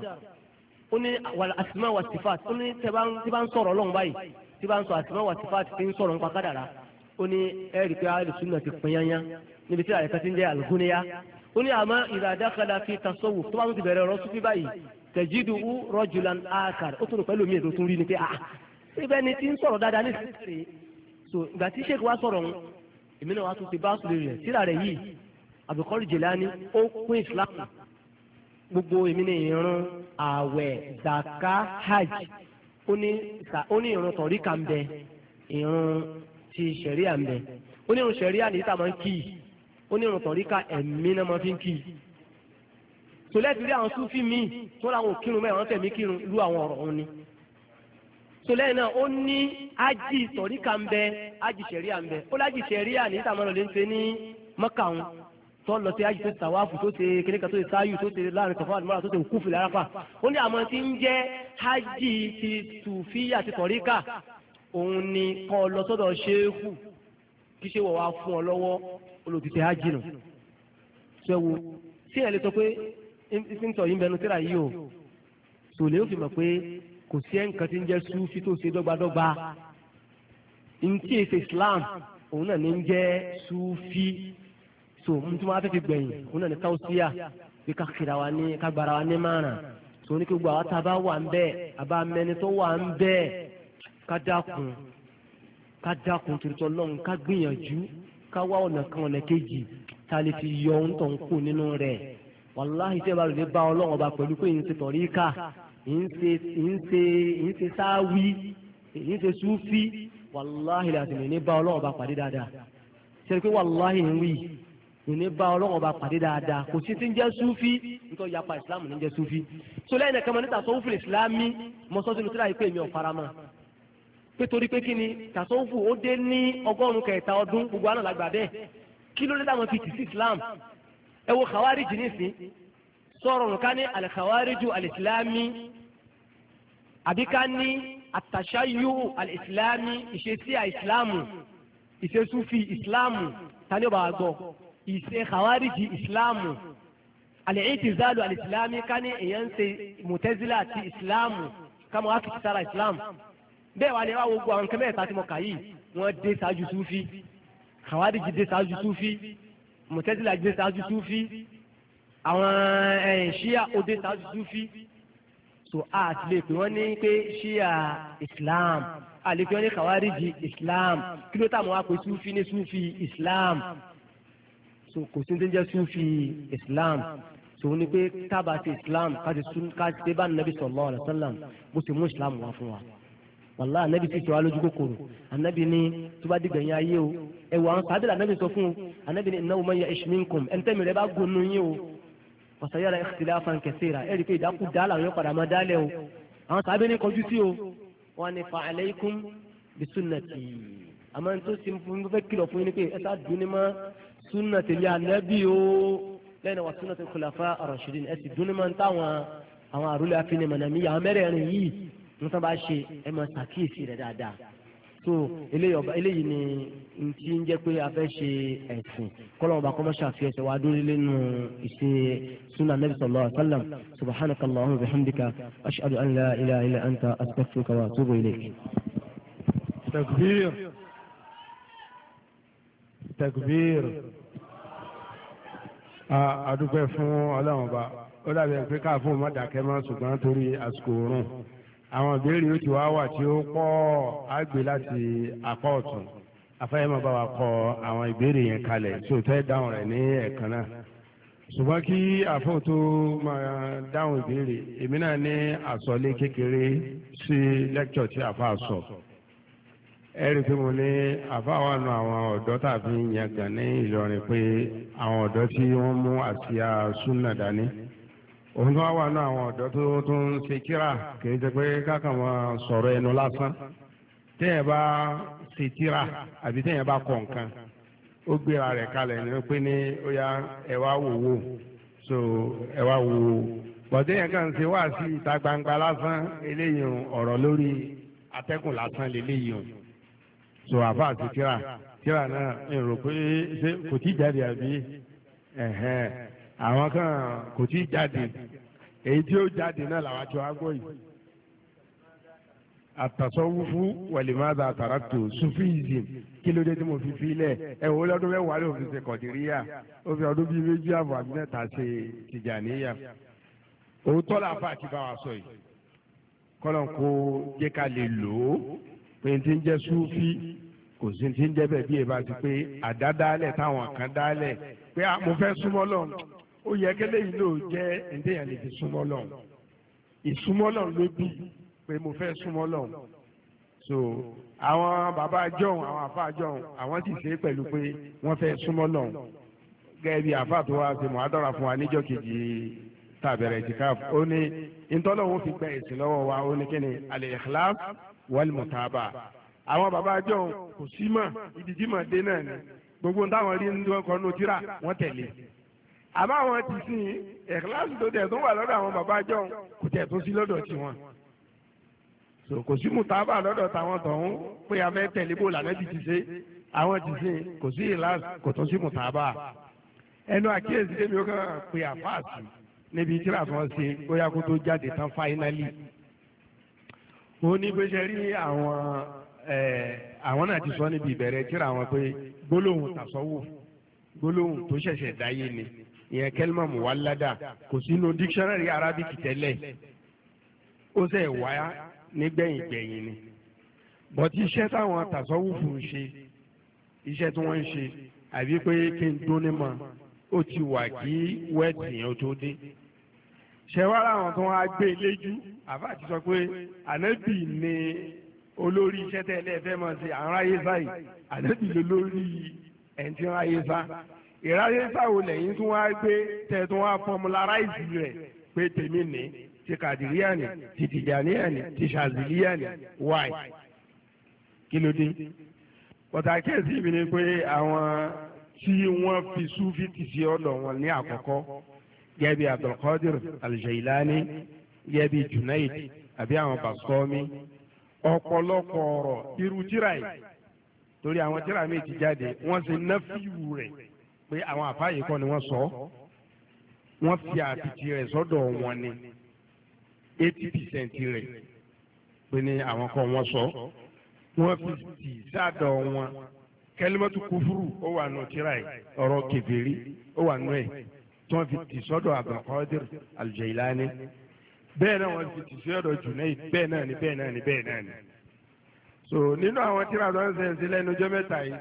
ó ní wal asma wa sifat ó ní tí bá ń sọ̀rọ̀ ọlọ́run báyìí tí bá ń sọ asma wa sifat tí ń sọ̀rọ̀ nípa kádàrá ó ní ẹ̀rí pé alùsùnà ti pín yányá níbi tí àyẹ̀ká ti ń jẹ́ àlùkúnníyá ó ní àmọ́ ìdàdàkadà fi tasawuf tó bá ń ti bẹ̀rẹ̀ ọ̀rọ̀ sùfí báyìí tẹ̀jídù ú rajulan ákàr ó tún rò pẹ̀lú omi èdè ni pé ah ibẹ̀ ni ti ń sọ̀rọ̀ dáadáa ní so ìgbà tí sheik wa sọ̀rọ̀ ń èmi náà tún ti bá sùn lè rẹ̀ síra rẹ̀ yìí àbùkọ́rì jìlá ni ó pín ìsìlámù gbogbo èmi ní ìrun àwẹ̀ zaka hajj ó ní ìrun tọ̀ríkà ń bẹ ìrun ti ṣẹ̀ríà ń bẹ ó ní ìrun ṣẹ̀ríà nìyí tá a máa ń kì í ó ní ìrun tọ̀ríkà ẹ̀mí náà máa fi ń kì í tòlẹ́tìrí àwọn súfì míì tó láwọn òkírun mẹ́rin wọ́n tẹ̀mí kírun lu àwọn ọ̀rọ̀ òun ni tòlẹ́yìn náà ó ní ájì tọ̀ríkà ń bẹ ájì ṣẹ̀ríà ń bẹ ó lájì ṣẹ̀ríà ní mọ́kà tó lọ sí ayé tó ti tàwáfù tó ti kéréka tó ti sáyù tó ti láàrin tọ̀fọ́ àdúrà tó ti kú fìlà arápà ó ní àmọ́ tí ń jẹ́ hajj ti tùfíyà ti tọ̀ríkà òun ni kọ́ lọ sọ́dọ̀ ṣéèkù kí ṣe wọ̀ wá fún ọ lọ́wọ́ olùdíje hajj nù ṣẹ́wó tí ẹ̀ lè sọ pé ìsìntọ̀ yìí ń bẹnu síra yìí o sòlè ó mọ̀ pé kò sí ẹnìkan tí ń jẹ́ sufi tó ṣe dọ́gbadọ́gba ntí èsì Islam òun náà ní ń jẹ́ sufi so n tí wọn á fẹ́ fi gbẹ̀yìn wọn náà ní tawusiya bí ká kira wa ní ká gbara wa ní mara so ní kí gbogbo àwọn tá a bá wà ń bẹ́ẹ̀ a bá mẹ́ni tó wà ń bẹ́ẹ̀ ká dákun ká dákun torítọ́ lọ́run ká gbìyànjú ká wá ọ̀nà kan ọ̀nà kejì tá a lè fi yọ ohun tó ń kù nínú rẹ̀ wàláhì tẹ́ bá lè bá ọlọ́run ọba pẹ̀lú pé ìyẹn ti tọ̀rí ká ìyẹn ti sáwí ìyẹn ti súfí wàláhì làtìmí ní bá ọlọ́run ọba pàdé dáadáa ṣe é pé wàláhì ń wí yìí ìní bá ọlọ́wọ́n bá pàdé dáadáa kò sí ti ń jẹ́ súfí nítorí yapa ìsìlámù ní jẹ́ súfí so lẹ́yìn nìkan mọ̀ ní tasawufu ìsìlámì mọ sọ́sí ní tíráyì pé èmi ò fara mọ́ pé torí pé kí ni tasawufu ó dé ní ọgọ́rùn-ún kẹta ọdún gbogbo àná làgbà bẹ́ẹ̀ kí ló dé táwọn fi tì sí ìsìlámù ẹ wo khawarij nísìn sọ̀rọ̀ nǹkan ní al-khawariju al-islami àbí ká ní àtàṣáyù al-islami ìṣesí àìsìlámù ìṣesúfì ìsìlámù tani ó ìṣe kàwáríjì ìsìláàmù al-i'tizalu al-islami ká ní èèyàn ń ṣe mùtẹ́zílà ti ìsìláàmù ká mọ̀ wá kìí sára ìsìláàmù bẹ́ẹ̀ wà ní wá gbogbo àwọn kẹ́mẹ́ ìta tí mo kà yìí wọ́n dé ṣáájú súfì kàwáríjì dé ṣáájú súfì mùtẹ́zílà dé ṣáájú súfì àwọn ṣíà ó dé ṣáájú súfì so a ti lè pè wọ́n ní pé ṣíà islam a lè pè wọ́n ní kàwáríjì islam kí ló táwọn apè súfì ní súfì islam so kò sí ní jẹ́ sufi islam so ní pé tábà ti islam káti sun káti tẹ́ bá nàbí sallallahu alaihi wasallam bó ti mú islam wá fún wa wàlá anabi ti sọ alójú kòkòrò anabi ni tó bá dìgbà yẹn ayé o ẹ wà ń sábẹ́lẹ̀ anabi sọ fún o anabi ni innahu man ya'ish minkum ẹnitẹ́mi rẹ bá gbónú yín o wa sayara ikhtilafan kaseera ẹ̀rí pé ìdákú dáàlà yóò padà máa dálẹ̀ o àwọn sábẹ́ ní kọjú sí o wọn ni fa alaykum bisunnati àmọ́ n tó kìlọ̀ fún yín ni pé ẹ sá dùn ní súnà tèmi ànábì o lẹ́yìn wa súnà tèmi khulafa ar-rashidin ẹ sì dúnni máa ń táwọn àwọn àrùlé afinimọ̀nàmí yàrá mẹ́rẹ̀ẹ̀rin yìí ní sábà ṣe ẹ máa ṣàkíyèsí rẹ̀ dáadáa so eléyìí ni ntí ń jẹ́ pé a fẹ́ ṣe ẹ̀sìn kọ́lọ́mù bá kọ́mọ́ṣà fi ẹsẹ̀ dúró nínú ìṣe sunna nabi sallallahu alaihi wa sallam subhanaka wa bihamdika ashhadu an ilaha illa anta astaghfiruka wa atubu ilayk. takbir takbir àdúpẹ́ fún ọlọ́run ọba ó dàbí ẹ̀ pé káàfún má dákẹ́ má ṣùgbọ́n torí àsìkò òórùn àwọn ìbéèrè yóò ti wá wà tí ó pọ̀ á gbé láti apá ọ̀tún afẹ́yẹ́ máa bá wa kọ àwọn ìbéèrè yẹn kalẹ̀ tí ò tẹ́ dáhùn rẹ̀ ní ẹ̀kan náà ṣùgbọ́n kí àfọ̀n tó máa dáhùn ìbéèrè èmi náà ní àsọlé kékeré sí lẹ́kítọ̀ tí àfa sọ ẹ̀rí pé mo ní àbáwọnù àwọn ọ̀dọ́ tàbí yangàn ní Ìlọrin pé àwọn ọ̀dọ́ tí wọ́n mú àsíá súnà dání òun tó wá wà náà àwọn ọ̀dọ́ tó tó ń ṣe kíra kì í ṣe pé kákan wọn sọ̀rọ̀ ẹnu lásán téèyàn bá ṣe kíra àbí téèyàn bá kọ̀ nǹkan ó gbéra rẹ̀ kalẹ̀ ní pé ní ó yá ẹ wá so ẹ wá wò wò bọ̀dé yẹn kàn ṣe wá sí ìta gbangba lásán eléyìí ọ̀rọ̀ lórí atẹ́kùn lásán lélẹ́yìí so àfa àti tíra tíra náà ń rò pé ṣé kò tí jáde àbí ẹ̀hẹ́n àwọn kan kò tí jáde èyí tí ó jáde náà làwọn àti wàá gbọ́ yìí àtàsọ́wúfú wàlímàdà àtàràtò sufism kí ló mo fi filẹ̀ ẹ wò lọ́dún mẹ́wàá ló fi ṣe kọ̀dìríyà ó fi ọdún bíi méjì àbọ̀ àbí mẹ́ta ṣe tìjàníyà òótọ́ làbá àti bá wa sọ yìí kọ́lọ́n kó jẹ́ ká lè lò ó pé ti ń jẹ́ súfì kò sí ti ń jẹ́ bẹ́ẹ̀ bí ẹ bá ti pé àdá dálẹ̀ táwọn kan dálẹ̀ pé ah, mo fẹ́ súnmọ́ lọ́hùn ó yẹ kẹ́lẹ́ yìí ló jẹ́ ẹ̀ńdẹ́yàn lè fi súnmọ́ lọ́hùn ìsúnmọ́ lọ́hùn ló bí pé mo fẹ́ súnmọ́ lọ́hùn so àwọn bàbá John àwọn àfa John, àwọn sì ṣe é pẹ̀lú pé wọ́n fẹ́ súnmọ́ lọ́hùn gẹ́gẹ́ bí àfa tó wá ṣe mọ̀ádọ́ra fún wa níjọ́ kejì tàbẹ̀rẹ̀ ìtìkáf ó ní ntọ́lọ́hún fi gba ẹ̀sìn lọ́wọ́ wa ó ní kíni al-ikhlas wàlmùtàbà àwọn bàbá àjọ kò sí mà ìdíjí mà dé náà ni gbogbo táwọn rí ní wọn kọ ní ojúra wọn tẹ̀lé àbá àwọn ti sìn ẹ̀kíláàsì tó tẹ̀ tó wà lọ́dọ̀ àwọn bàbá àjọ kò tẹ̀ tó sí lọ́dọ̀ tiwọn so kò sí mùtàbà lọ́dọ̀ táwọn tọ̀hún pé a fẹ́ tẹ̀lé bó lànà ti ti ṣe àwọn ti sìn kò sí ìlàs kò tó sí mùtàbà ẹnu àkíyèsí lèmi ó kàn pé àfáàsì níbi tíra fún ọ ṣe ó kó tó jáde tán fáínálì ó ní pé ṣe rí àwọn àwọn náà ti sọ níbi ìbẹ̀rẹ̀ tíra àwọn pé gbólóhùn tàṣọ́wò gbólóhùn tó ṣẹ̀ṣẹ̀ dáyé ni ìyẹn kẹlmọ muwalada kò sínú dictionary arabic tẹ́lẹ̀ ó ṣe wá nígbẹ̀yìn gbẹ̀yìn ni bọ́tí iṣẹ́ táwọn tàṣọ́wùfù ń ṣe iṣẹ́ tí wọ́n ń ṣe àbí pé kí n dún ní mọ́ ó ti wà kí wẹ́ẹ̀tì yẹn tó dé ṣẹ̀wárà àwọn tó wá gbé léjú àbá ti sọ pé ànábì ni olórí iṣẹ́ tẹ́lẹ̀ fẹ́ mọ̀ sí àwọn aráyé sáyì ànábì lolórí ẹ̀ǹ tí wọ́n ayé sá ìráyé sáwò lẹ́yìn tó wá gbé tẹ̀ tó wá fọmùláráìsì rẹ̀ pé tèmi ní ti kàdìríà ní ti tìjàníà ní ti ṣàzìlíà ní wáì kí ló dé pàtàkì èsì mi ni pé àwọn tí wọ́n fi súfì tì sí ọ̀dọ̀ wọn ní àkọ́kọ́ gẹ́gẹ́ bí abdulkadir aljailani gẹ́gẹ́ bí junaid àbí àwọn basomi ọ̀pọ̀lọpọ̀ ọ̀rọ̀ irú tíra yìí torí àwọn tíra mi ti jáde wọ́n ṣe náfíwù rẹ̀ pé àwọn àfáàyè kan ni wọ́n sọ wọ́n fi àpìtì rẹ̀ sọ́dọ̀ wọn ni eighty percent rẹ̀ pé ní àwọn kan wọ́n sọ wọ́n fi tì sádọ̀ wọn kẹlímọ́tù kúfúrú ó wà nù tíra yìí ọ̀rọ̀ kẹfẹ́rí ó wà nù ẹ̀ tí wọ́n fi tì sọ́dọ̀ Abdulkadir Al-Jailani bẹ́ẹ̀ náà wọ́n fi tì sọ́dọ̀ Junaid bẹ́ẹ̀ náà ni bẹ́ẹ̀ náà ni bẹ́ẹ̀ náà ni. so nínú àwọn tíra tó ń sẹ́ sí lẹ́nu ọjọ́ mẹ́ta yìí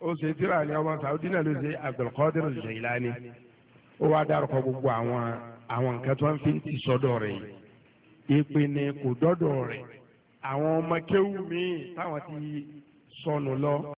ó ṣe tíra ní ọmọ Saudi náà ló ṣe Abdulkadir Al-Jailani ó wá dárúkọ gbogbo àwọn àwọn nǹkan tí wọ́n fi tì sọ́dọ̀ rẹ̀ yìí ìpinnu kò dọ́dọ̀ rẹ̀ àwọn ọmọ kéwù míì táwọn ti sọnù lọ